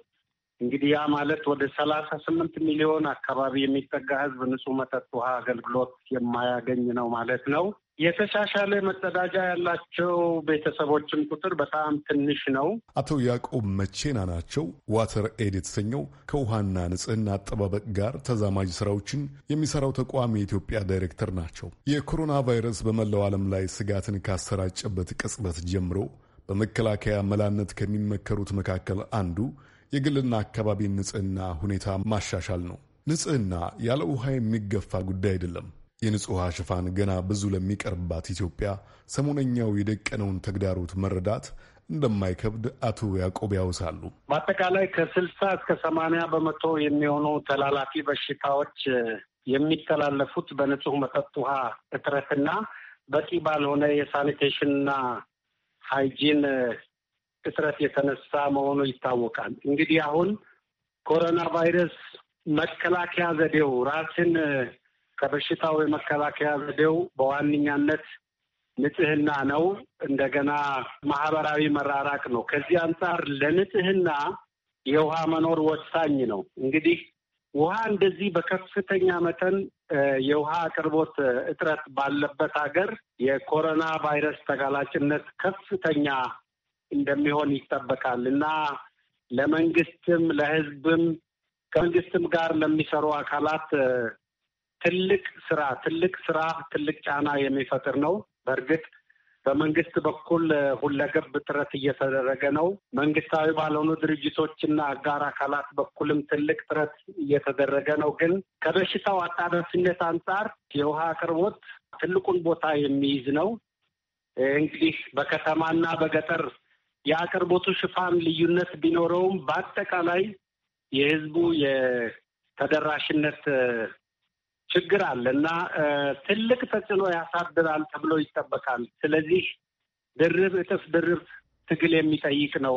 እንግዲህ ያ ማለት ወደ ሰላሳ ስምንት ሚሊዮን አካባቢ የሚጠጋ ህዝብ ንጹህ መጠጥ ውሃ አገልግሎት የማያገኝ ነው ማለት ነው። የተሻሻለ መጸዳጃ ያላቸው ቤተሰቦችን ቁጥር በጣም ትንሽ ነው። አቶ ያዕቆብ መቼና ናቸው ዋተር ኤድ የተሰኘው ከውሃና ንጽህና አጠባበቅ ጋር ተዛማጅ ስራዎችን የሚሰራው ተቋም የኢትዮጵያ ዳይሬክተር ናቸው። የኮሮና ቫይረስ በመላው ዓለም ላይ ስጋትን ካሰራጨበት ቅጽበት ጀምሮ በመከላከያ መላነት ከሚመከሩት መካከል አንዱ የግልና አካባቢን ንጽህና ሁኔታ ማሻሻል ነው። ንጽህና ያለ ውሃ የሚገፋ ጉዳይ አይደለም። ውሃ ሽፋን ገና ብዙ ለሚቀርባት ኢትዮጵያ ሰሞነኛው የደቀነውን ተግዳሮት መረዳት እንደማይከብድ አቶ ያዕቆብ ያውሳሉ። በአጠቃላይ ከስልሳ እስከ ሰማንያ በመቶ የሚሆኑ ተላላፊ በሽታዎች የሚተላለፉት በንጹህ መጠጥ ውሃ እጥረትና በቂ ባልሆነ የሳኒቴሽንና ሃይጂን እጥረት የተነሳ መሆኑ ይታወቃል። እንግዲህ አሁን ኮሮና ቫይረስ መከላከያ ዘዴው ራስን ከበሽታው የመከላከያ ዘዴው በዋነኛነት ንጽህና ነው። እንደገና ማህበራዊ መራራቅ ነው። ከዚህ አንጻር ለንጽህና የውሃ መኖር ወሳኝ ነው። እንግዲህ ውሃ እንደዚህ በከፍተኛ መጠን የውሃ አቅርቦት እጥረት ባለበት ሀገር የኮሮና ቫይረስ ተጋላጭነት ከፍተኛ እንደሚሆን ይጠበቃል እና ለመንግስትም ለህዝብም ከመንግስትም ጋር ለሚሰሩ አካላት ትልቅ ስራ ትልቅ ስራ ትልቅ ጫና የሚፈጥር ነው። በእርግጥ በመንግስት በኩል ሁለገብ ጥረት እየተደረገ ነው። መንግስታዊ ባልሆኑ ድርጅቶችና አጋር አካላት በኩልም ትልቅ ጥረት እየተደረገ ነው። ግን ከበሽታው አጣዳፊነት አንጻር የውሃ አቅርቦት ትልቁን ቦታ የሚይዝ ነው። እንግዲህ በከተማና በገጠር የአቅርቦቱ ሽፋን ልዩነት ቢኖረውም በአጠቃላይ የህዝቡ የተደራሽነት ችግር አለ እና ትልቅ ተጽዕኖ ያሳድራል ተብሎ ይጠበቃል። ስለዚህ ድርብ እጥፍ ድርብ ትግል የሚጠይቅ ነው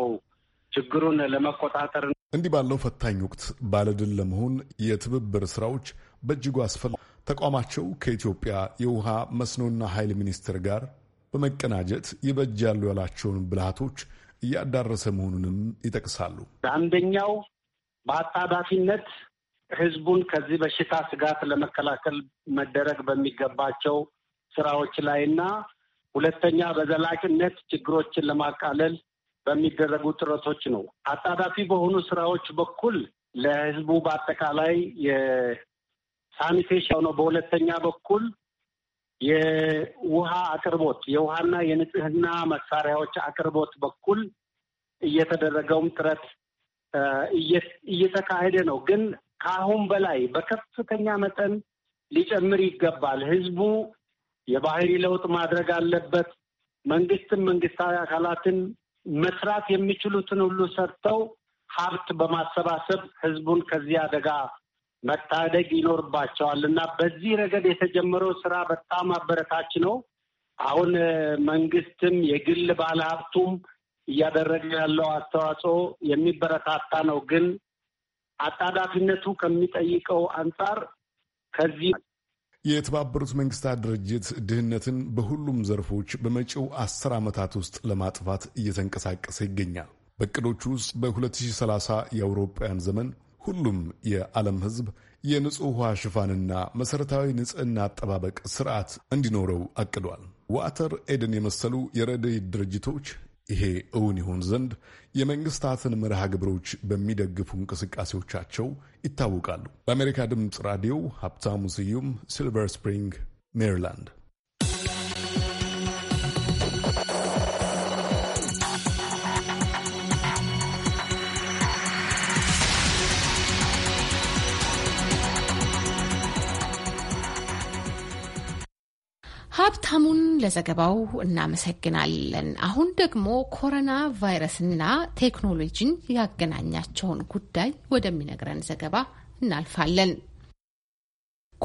ችግሩን ለመቆጣጠር። እንዲህ ባለው ፈታኝ ወቅት ባለድል ለመሆን የትብብር ስራዎች በእጅጉ አስፈላጊ። ተቋማቸው ከኢትዮጵያ የውሃ መስኖና ኃይል ሚኒስቴር ጋር በመቀናጀት ይበጃሉ ያላቸውን ብልሃቶች እያዳረሰ መሆኑንም ይጠቅሳሉ። አንደኛው በአጣዳፊነት ህዝቡን ከዚህ በሽታ ስጋት ለመከላከል መደረግ በሚገባቸው ስራዎች ላይ እና ሁለተኛ በዘላቂነት ችግሮችን ለማቃለል በሚደረጉ ጥረቶች ነው። አጣዳፊ በሆኑ ስራዎች በኩል ለህዝቡ በአጠቃላይ የሳኒቴሽን ነው። በሁለተኛ በኩል የውሃ አቅርቦት የውሃና የንጽህና መሳሪያዎች አቅርቦት በኩል እየተደረገውም ጥረት እየተካሄደ ነው። ግን ከአሁን በላይ በከፍተኛ መጠን ሊጨምር ይገባል። ህዝቡ የባህሪ ለውጥ ማድረግ አለበት። መንግስትም መንግስታዊ አካላትን መስራት የሚችሉትን ሁሉ ሰርተው ሀብት በማሰባሰብ ህዝቡን ከዚህ አደጋ መታደግ ይኖርባቸዋል እና በዚህ ረገድ የተጀመረው ስራ በጣም አበረታች ነው። አሁን መንግስትም የግል ባለሀብቱም እያደረገ ያለው አስተዋጽኦ የሚበረታታ ነው። ግን አጣዳፊነቱ ከሚጠይቀው አንጻር ከዚህ የተባበሩት መንግስታት ድርጅት ድህነትን በሁሉም ዘርፎች በመጪው አስር ዓመታት ውስጥ ለማጥፋት እየተንቀሳቀሰ ይገኛል። በእቅዶቹ ውስጥ በ2030 የአውሮፓውያን ዘመን ሁሉም የዓለም ሕዝብ የንጹህ ውሃ ሽፋንና መሠረታዊ ንጽህና አጠባበቅ ስርዓት እንዲኖረው አቅዷል። ዋተር ኤደን የመሰሉ የረድኤት ድርጅቶች ይሄ እውን ይሆን ዘንድ የመንግስታትን መርሃ ግብሮች በሚደግፉ እንቅስቃሴዎቻቸው ይታወቃሉ። በአሜሪካ ድምፅ ራዲዮ ሀብታሙ ስዩም ሲልቨር ስፕሪንግ ሜሪላንድ ሀብታሙን ለዘገባው እናመሰግናለን። አሁን ደግሞ ኮሮና ቫይረስና ቴክኖሎጂን ያገናኛቸውን ጉዳይ ወደሚነግረን ዘገባ እናልፋለን።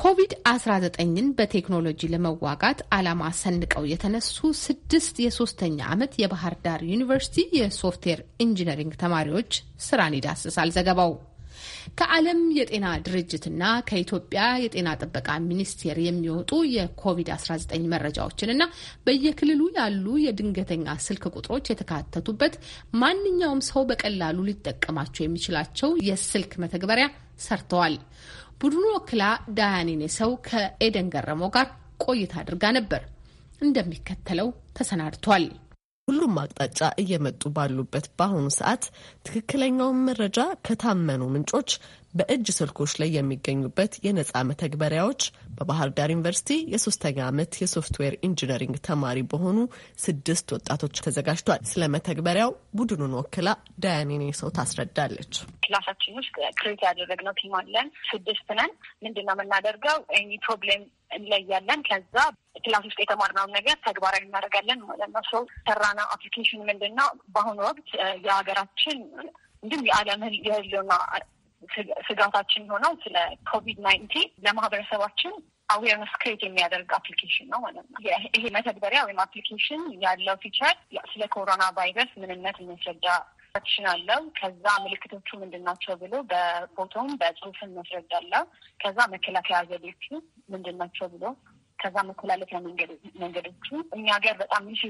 ኮቪድ-19ን በቴክኖሎጂ ለመዋጋት ዓላማ ሰንቀው የተነሱ ስድስት የሶስተኛ ዓመት የባህር ዳር ዩኒቨርሲቲ የሶፍትዌር ኢንጂነሪንግ ተማሪዎች ስራን ይዳስሳል ዘገባው። ከዓለም የጤና ድርጅትና ከኢትዮጵያ የጤና ጥበቃ ሚኒስቴር የሚወጡ የኮቪድ-19 መረጃዎችንና በየክልሉ ያሉ የድንገተኛ ስልክ ቁጥሮች የተካተቱበት ማንኛውም ሰው በቀላሉ ሊጠቀማቸው የሚችላቸው የስልክ መተግበሪያ ሰርተዋል። ቡድኑ ወክላ ዳያኔኔ ሰው ከኤደን ገረመው ጋር ቆይታ አድርጋ ነበር። እንደሚከተለው ተሰናድቷል። ሁሉም አቅጣጫ እየመጡ ባሉበት በአሁኑ ሰዓት ትክክለኛውን መረጃ ከታመኑ ምንጮች በእጅ ስልኮች ላይ የሚገኙበት የነጻ መተግበሪያዎች በባህር ዳር ዩኒቨርሲቲ የሶስተኛ ዓመት የሶፍትዌር ኢንጂነሪንግ ተማሪ በሆኑ ስድስት ወጣቶች ተዘጋጅቷል። ስለ መተግበሪያው ቡድኑን ወክላ ዳያኔኔ ሰው ታስረዳለች። ክላሳችን ውስጥ ክሬት ያደረግነው ቲም አለን። ስድስት ነን። ምንድነው የምናደርገው? ኤኒ ፕሮብሌም እንለያለን። ከዛ ክላስ ውስጥ የተማርነውን ነገር ተግባራዊ እናደርጋለን ማለት ነው። ሰው ሰራና አፕሊኬሽን ምንድን ነው በአሁኑ ወቅት የሀገራችን እንዲሁም የዓለምን የህልና ስጋታችን የሆነው ስለ ኮቪድ ናይንቲን ለማህበረሰባችን አዌርነስ ክሬት የሚያደርግ አፕሊኬሽን ነው ማለት ነው። ይሄ መተግበሪያ ወይም አፕሊኬሽን ያለው ፊቸር ስለ ኮሮና ቫይረስ ምንነት የሚያስረዳ ፕሮቴክሽን አለው። ከዛ ምልክቶቹ ምንድን ናቸው ብሎ በፎቶም በጽሁፍን መስረድ አለው። ከዛ መከላከያ ዘዴዎቹ ምንድን ናቸው ብሎ ከዛ መተላለፊያ መንገዶቹ እኛ ሀገር በጣም ምሽ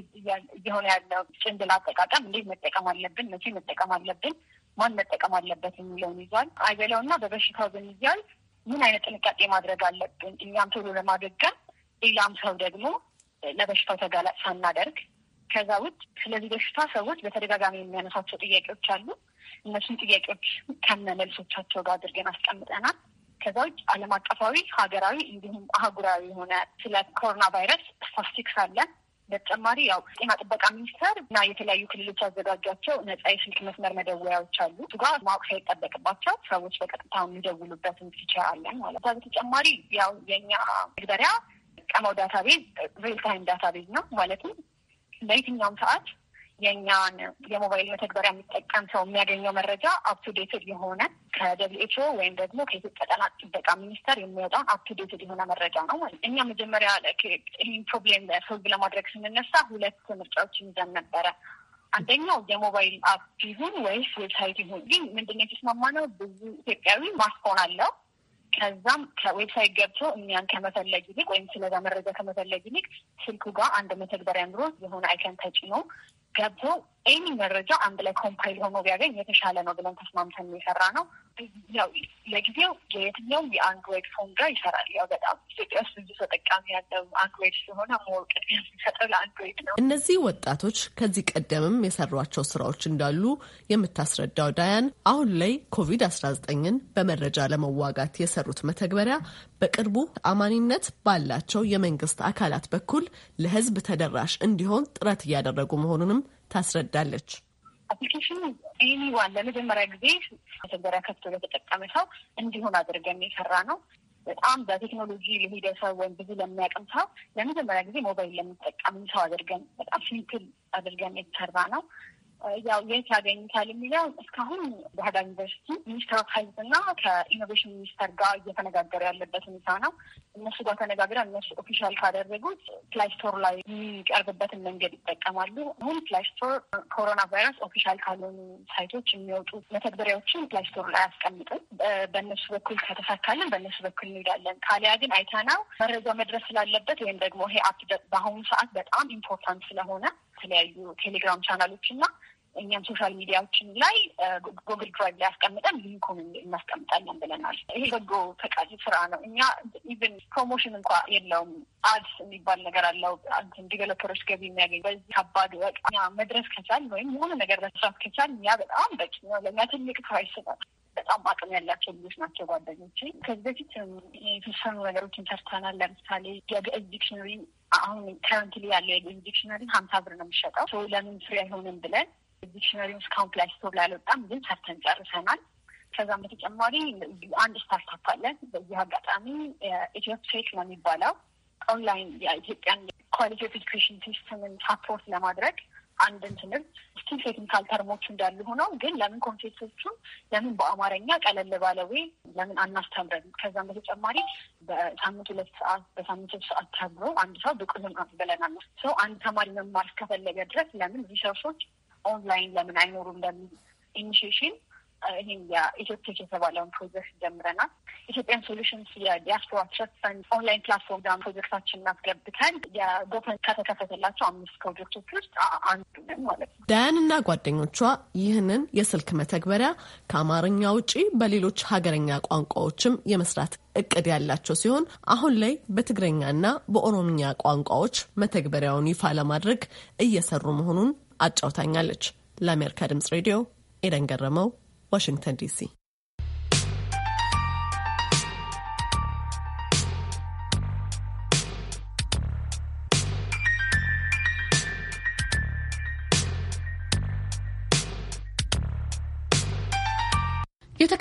እየሆነ ያለው ጭንብል አጠቃቀም እንዴት መጠቀም አለብን፣ መቼ መጠቀም አለብን ማን መጠቀም አለበት የሚለውን ይዟል። አይበላው እና በበሽታው ብንያዝ ምን አይነት ጥንቃቄ ማድረግ አለብን? እኛም ቶሎ ለማገገም ሌላም ሰው ደግሞ ለበሽታው ተጋላጭ ሳናደርግ። ከዛ ውጭ ስለዚህ በሽታ ሰዎች በተደጋጋሚ የሚያነሳቸው ጥያቄዎች አሉ። እነሱን ጥያቄዎች ከነ መልሶቻቸው ጋር አድርገን አስቀምጠናል። ከዛ ውጭ ዓለም አቀፋዊ፣ ሀገራዊ እንዲሁም አህጉራዊ የሆነ ስለ ኮሮና ቫይረስ ስታስቲክስ አለን። በተጨማሪ ያው ጤና ጥበቃ ሚኒስቴር እና የተለያዩ ክልሎች ያዘጋጇቸው ነጻ የስልክ መስመር መደወያዎች አሉ። እሱ ጋር ማወቅ ሳይጠበቅባቸው ሰዎች በቀጥታ የሚደውሉበት ፊቸር አለን ማለት። ከዛ በተጨማሪ ያው የእኛ መግበሪያ ቀመው ዳታቤዝ ሪል ታይም ዳታቤዝ ነው ማለትም በየትኛውም ሰዓት የእኛን የሞባይል መተግበሪያ የሚጠቀም ሰው የሚያገኘው መረጃ አፕቱዴትድ የሆነ ከደብሊውኤችኦ ወይም ደግሞ ከኢትዮጵያ ጤና ጥበቃ ሚኒስቴር የሚወጣውን አፕቱዴትድ የሆነ መረጃ ነው ማለት። እኛ መጀመሪያ ይህን ፕሮብሌም ሶልቭ ለማድረግ ስንነሳ ሁለት ምርጫዎችን ይዘን ነበረ። አንደኛው የሞባይል አፕ ይሁን ወይስ ዌብሳይት ይሁን። ግን የተስማማ ነው ብዙ ኢትዮጵያዊ ማስፎን አለው። ከዛም ከዌብሳይት ገብቶ እኛን ከመፈለግ ይልቅ ወይም ስለዛ መረጃ ከመፈለግ ይልቅ ስልኩ ጋር አንድ መተግበሪያ ኑሮ የሆነ አይከን ተጭኖ ገብቶ ኤኒ መረጃ አንድ ላይ ኮምፓይል ሆኖ ቢያገኝ የተሻለ ነው ብለን ተስማምተን የሰራ ነው። ያው ለጊዜው የየትኛውም የአንድሮይድ ፎን ጋር ይሰራል። ያው በጣም ኢትዮጵያ ውስጥ ብዙ ተጠቃሚ ያለው አንድሮይድ ስለሆነ ሞር ቅድሚያ የሚሰጠው ለአንድሮይድ ነው። እነዚህ ወጣቶች ከዚህ ቀደምም የሰሯቸው ስራዎች እንዳሉ የምታስረዳው ዳያን፣ አሁን ላይ ኮቪድ አስራ ዘጠኝን በመረጃ ለመዋጋት የሰሩት መተግበሪያ በቅርቡ አማኒነት ባላቸው የመንግስት አካላት በኩል ለህዝብ ተደራሽ እንዲሆን ጥረት እያደረጉ መሆኑንም ታስረዳለች። አፕሊኬሽኑ ኤኒዋን ለመጀመሪያ ጊዜ መተግበሪያ ከፍቶ ለተጠቀመ ሰው እንዲሆን አድርገን የሰራ ነው። በጣም በቴክኖሎጂ ለሄደ ሰው ወይም ብዙ ለሚያቅም ሰው ለመጀመሪያ ጊዜ ሞባይል ለሚጠቀም ሰው አድርገን በጣም ሲምፕል አድርገን የተሰራ ነው። ያው የት ያገኙታል የሚለው እስካሁን ባህዳ ዩኒቨርሲቲ ሚኒስትር ኦፍ ሄልዝ እና ከኢኖቬሽን ሚኒስተር ጋር እየተነጋገረ ያለበት ሁኔታ ነው። እነሱ ጋር ተነጋግረ እነሱ ኦፊሻል ካደረጉት ፕላይስቶር ላይ የሚቀርብበትን መንገድ ይጠቀማሉ። አሁን ፕላይስቶር ኮሮና ቫይረስ ኦፊሻል ካልሆኑ ሳይቶች የሚወጡ መተግበሪያዎችን ፕላይስቶር ላይ አያስቀምጥም። በእነሱ በኩል ከተሳካልን በእነሱ በኩል እንሄዳለን። ካሊያ ግን አይተናው መረጃ መድረስ ስላለበት ወይም ደግሞ ይሄ አፕ በአሁኑ ሰዓት በጣም ኢምፖርታንት ስለሆነ የተለያዩ ቴሌግራም ቻናሎች እና እኛም ሶሻል ሚዲያዎችን ላይ ጎግል ድራይቭ ላይ አስቀምጠን ሊንኩን እናስቀምጣለን ብለናል። ይሄ በጎ ፈቃድ ስራ ነው። እኛ ኢቨን ፕሮሞሽን እንኳ የለውም። አድስ የሚባል ነገር አለው። ዲቨሎፐሮች ገቢ የሚያገኝ በዚህ ከባድ ወቅት እኛ መድረስ ከቻል ወይም የሆነ ነገር መስራት ከቻል እኛ በጣም በቂ ነው። ለእኛ ትልቅ ፕራይስ ነው። በጣም አቅም ያላቸው ልጆች ናቸው ጓደኞች። ከዚህ በፊት የተወሰኑ ነገሮችን ሰርተናል። ለምሳሌ የግዕዝ ዲክሽነሪ አሁን ከረንትሊ ያለው የግዕዝ ዲክሽነሪ ሀምሳ ብር ነው የሚሸጠው። ሰው ለምን ፍሬ አይሆንም ብለን ዲክሽነሪውን እስካሁን ፕላይ ስቶር ላይ አልወጣም፣ ግን ሰርተን ጨርሰናል። ከዛም በተጨማሪ አንድ ስታርታፕ አለን። በዚህ አጋጣሚ ኢትዮፕሴክ ነው የሚባለው ኦንላይን የኢትዮጵያን ኳሊቲ ኦፍ ኤዱኬሽን ሲስተምን ሳፖርት ለማድረግ አንድን ትምህርት ስቲል ቴክኒካል ተርሞች እንዳሉ ሆነው ግን ለምን ኮንቴንቶቹን ለምን በአማርኛ ቀለል ባለዌ ለምን አናስተምረን? ከዛም በተጨማሪ በሳምንት ሁለት ሰዓት በሳምንት ሶስት ሰዓት ተምሮ አንድ ሰው ብቁ ይሆናል ብለናል። ሰው አንድ ተማሪ መማር እስከፈለገ ድረስ ለምን ሪሰርሶች ኦንላይን ለምን አይኖሩም? ለምን ኢኒሽሽን ይሄ የኢትዮጵያ የተባለውን ፕሮጀክት ጀምረናል። ኢትዮጵያን ሶሉሽንስ የዲያስፖራ ትረስት ፈንድ ኦንላይን ፕላትፎርም ዳ ፕሮጀክታችን እናስገብተን የጎፈን ከተከፈተላቸው አምስት ፕሮጀክቶች ውስጥ አንዱ ነን ማለት ነው። ዳያን እና ጓደኞቿ ይህንን የስልክ መተግበሪያ ከአማርኛ ውጪ በሌሎች ሀገረኛ ቋንቋዎችም የመስራት እቅድ ያላቸው ሲሆን አሁን ላይ በትግረኛና በኦሮምኛ ቋንቋዎች መተግበሪያውን ይፋ ለማድረግ እየሰሩ መሆኑን አጫውታኛለች። ለአሜሪካ ድምጽ ሬዲዮ ኤደን ገረመው Washington DC.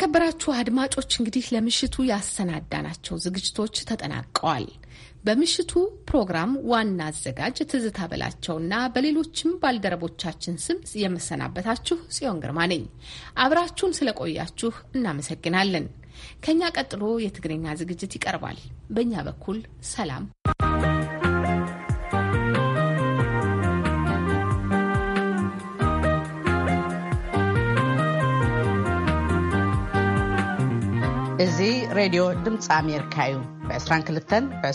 የተከበራችሁ አድማጮች እንግዲህ ለምሽቱ ያሰናዳናቸው ዝግጅቶች ተጠናቀዋል። በምሽቱ ፕሮግራም ዋና አዘጋጅ ትዝታ በላቸውና በሌሎችም ባልደረቦቻችን ስም የመሰናበታችሁ ጽዮን ግርማ ነኝ። አብራችሁን ስለቆያችሁ እናመሰግናለን። ከእኛ ቀጥሎ የትግርኛ ዝግጅት ይቀርባል። በእኛ በኩል ሰላም እዚ ሬድዮ ድምፂ ኣሜሪካ እዩ ብ22